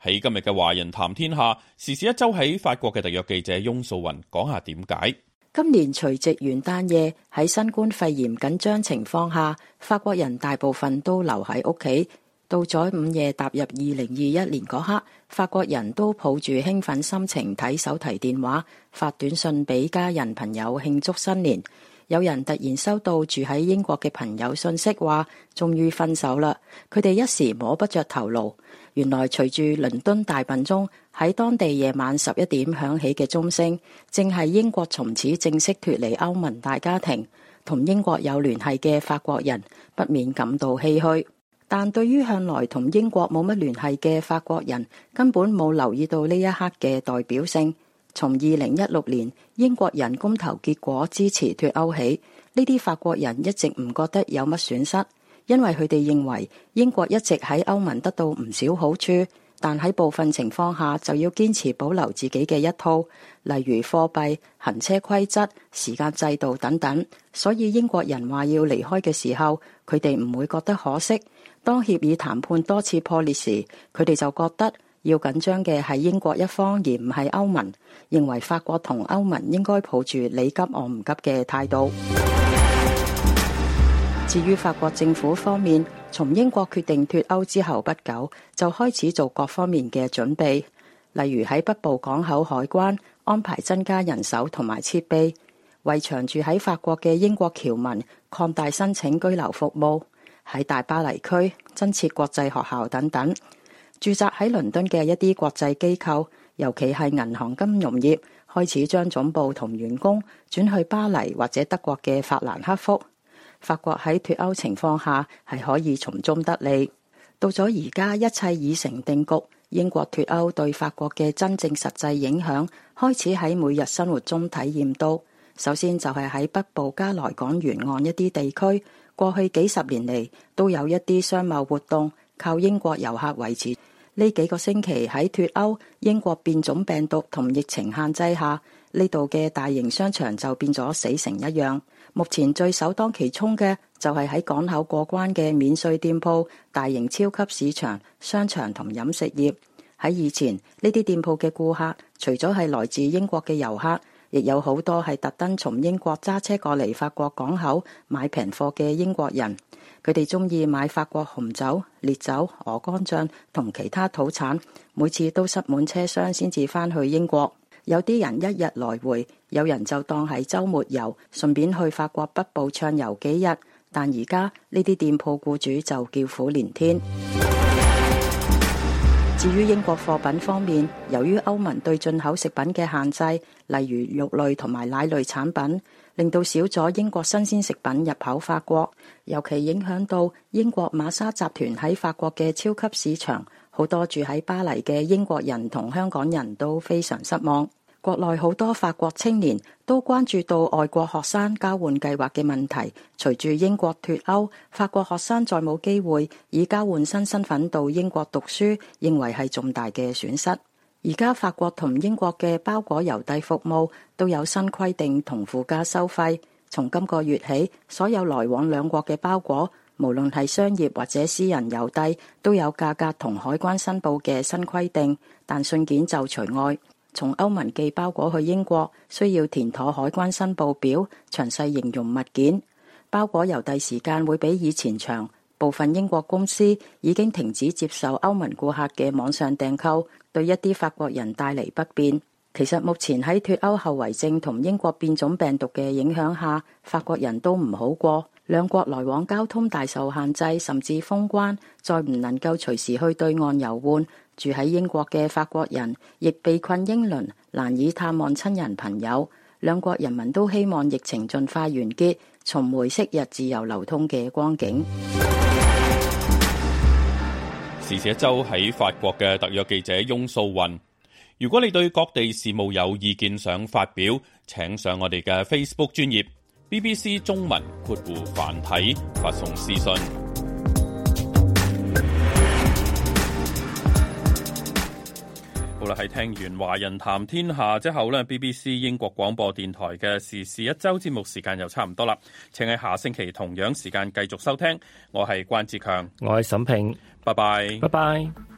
喺今日嘅華人談天下，時事一周喺法國嘅特約記者翁素雲講下點解。今年除夕元旦夜喺新冠肺炎緊張情況下，法國人大部分都留喺屋企。到咗午夜踏入二零二一年嗰刻，法國人都抱住興奮心情睇手提電話發短信俾家人朋友慶祝新年。有人突然收到住喺英國嘅朋友信息，話終於分手啦，佢哋一時摸不着頭腦。原來隨住倫敦大笨鐘喺當地夜晚十一點響起嘅鐘聲，正係英國從此正式脫離歐盟大家庭。同英國有聯繫嘅法國人不免感到唏噓，但對於向來同英國冇乜聯繫嘅法國人，根本冇留意到呢一刻嘅代表性。從二零一六年英國人公投結果支持脫歐起，呢啲法國人一直唔覺得有乜損失。因為佢哋認為英國一直喺歐盟得到唔少好處，但喺部分情況下就要堅持保留自己嘅一套，例如貨幣、行車規則、時間制度等等。所以英國人話要離開嘅時候，佢哋唔會覺得可惜。當協議談判多次破裂時，佢哋就覺得要緊張嘅係英國一方，而唔係歐盟，認為法國同歐盟應該抱住你急我唔急嘅態度。至於法國政府方面，從英國決定脱歐之後不久，就開始做各方面嘅準備，例如喺北部港口海關安排增加人手同埋設備，為長住喺法國嘅英國僑民擴大申請居留服務；喺大巴黎區增設國際學校等等。駐紮喺倫敦嘅一啲國際機構，尤其係銀行金融業，開始將總部同員工轉去巴黎或者德國嘅法蘭克福。法國喺脫歐情況下係可以從中得利，到咗而家一切已成定局。英國脫歐對法國嘅真正實際影響開始喺每日生活中體驗到。首先就係喺北部加萊港沿岸一啲地區，過去幾十年嚟，都有一啲商貿活動靠英國遊客維持。呢幾個星期喺脫歐、英國變種病毒同疫情限制下，呢度嘅大型商場就變咗死城一樣。目前最首當其衝嘅就係喺港口過關嘅免稅店鋪、大型超級市場、商場同飲食業。喺以前，呢啲店鋪嘅顧客，除咗係來自英國嘅遊客，亦有好多係特登從英國揸車過嚟法國港口買平貨嘅英國人。佢哋中意買法國紅酒、烈酒、鵝肝醬同其他土產，每次都塞滿車廂先至翻去英國。有啲人一日來回，有人就當係周末遊，順便去法國北部暢遊幾日。但而家呢啲店鋪雇主就叫苦連天。至於英國貨品方面，由於歐盟對進口食品嘅限制，例如肉類同埋奶類產品，令到少咗英國新鮮食品入口法國，尤其影響到英國馬莎集團喺法國嘅超級市場。好多住喺巴黎嘅英國人同香港人都非常失望，國內好多法國青年都關注到外國學生交換計劃嘅問題。隨住英國脫歐，法國學生再冇機會以交換新身份到英國讀書，認為係重大嘅損失。而家法國同英國嘅包裹郵遞服務都有新規定同附加收費，從今個月起，所有來往兩國嘅包裹，無論係商業或者私人郵遞，都有價格同海關申報嘅新規定，但信件就除外。從歐盟寄包裹去英國，需要填妥海關申報表，詳細形容物件。包裹郵遞時間會比以前長。部分英國公司已經停止接受歐盟顧客嘅網上訂購，對一啲法國人帶嚟不便。其實目前喺脱歐後遺症同英國變種病毒嘅影響下，法國人都唔好過。兩國來往交通大受限制，甚至封關，再唔能夠隨時去對岸遊玩。住喺英國嘅法國人亦被困英倫，難以探望親人朋友。兩國人民都希望疫情盡快完結，重回昔日自由流通嘅光景。時事一周喺法國嘅特約記者翁素云，如果你對各地事務有意見想發表，請上我哋嘅 Facebook 專頁。BBC 中文括弧繁體發送私信。好啦，喺聽完華人談天下之後呢 BBC 英國廣播電台嘅時事一周節目時間又差唔多啦，請喺下星期同樣時間繼續收聽。我係關志強，我係沈平，拜拜，拜拜。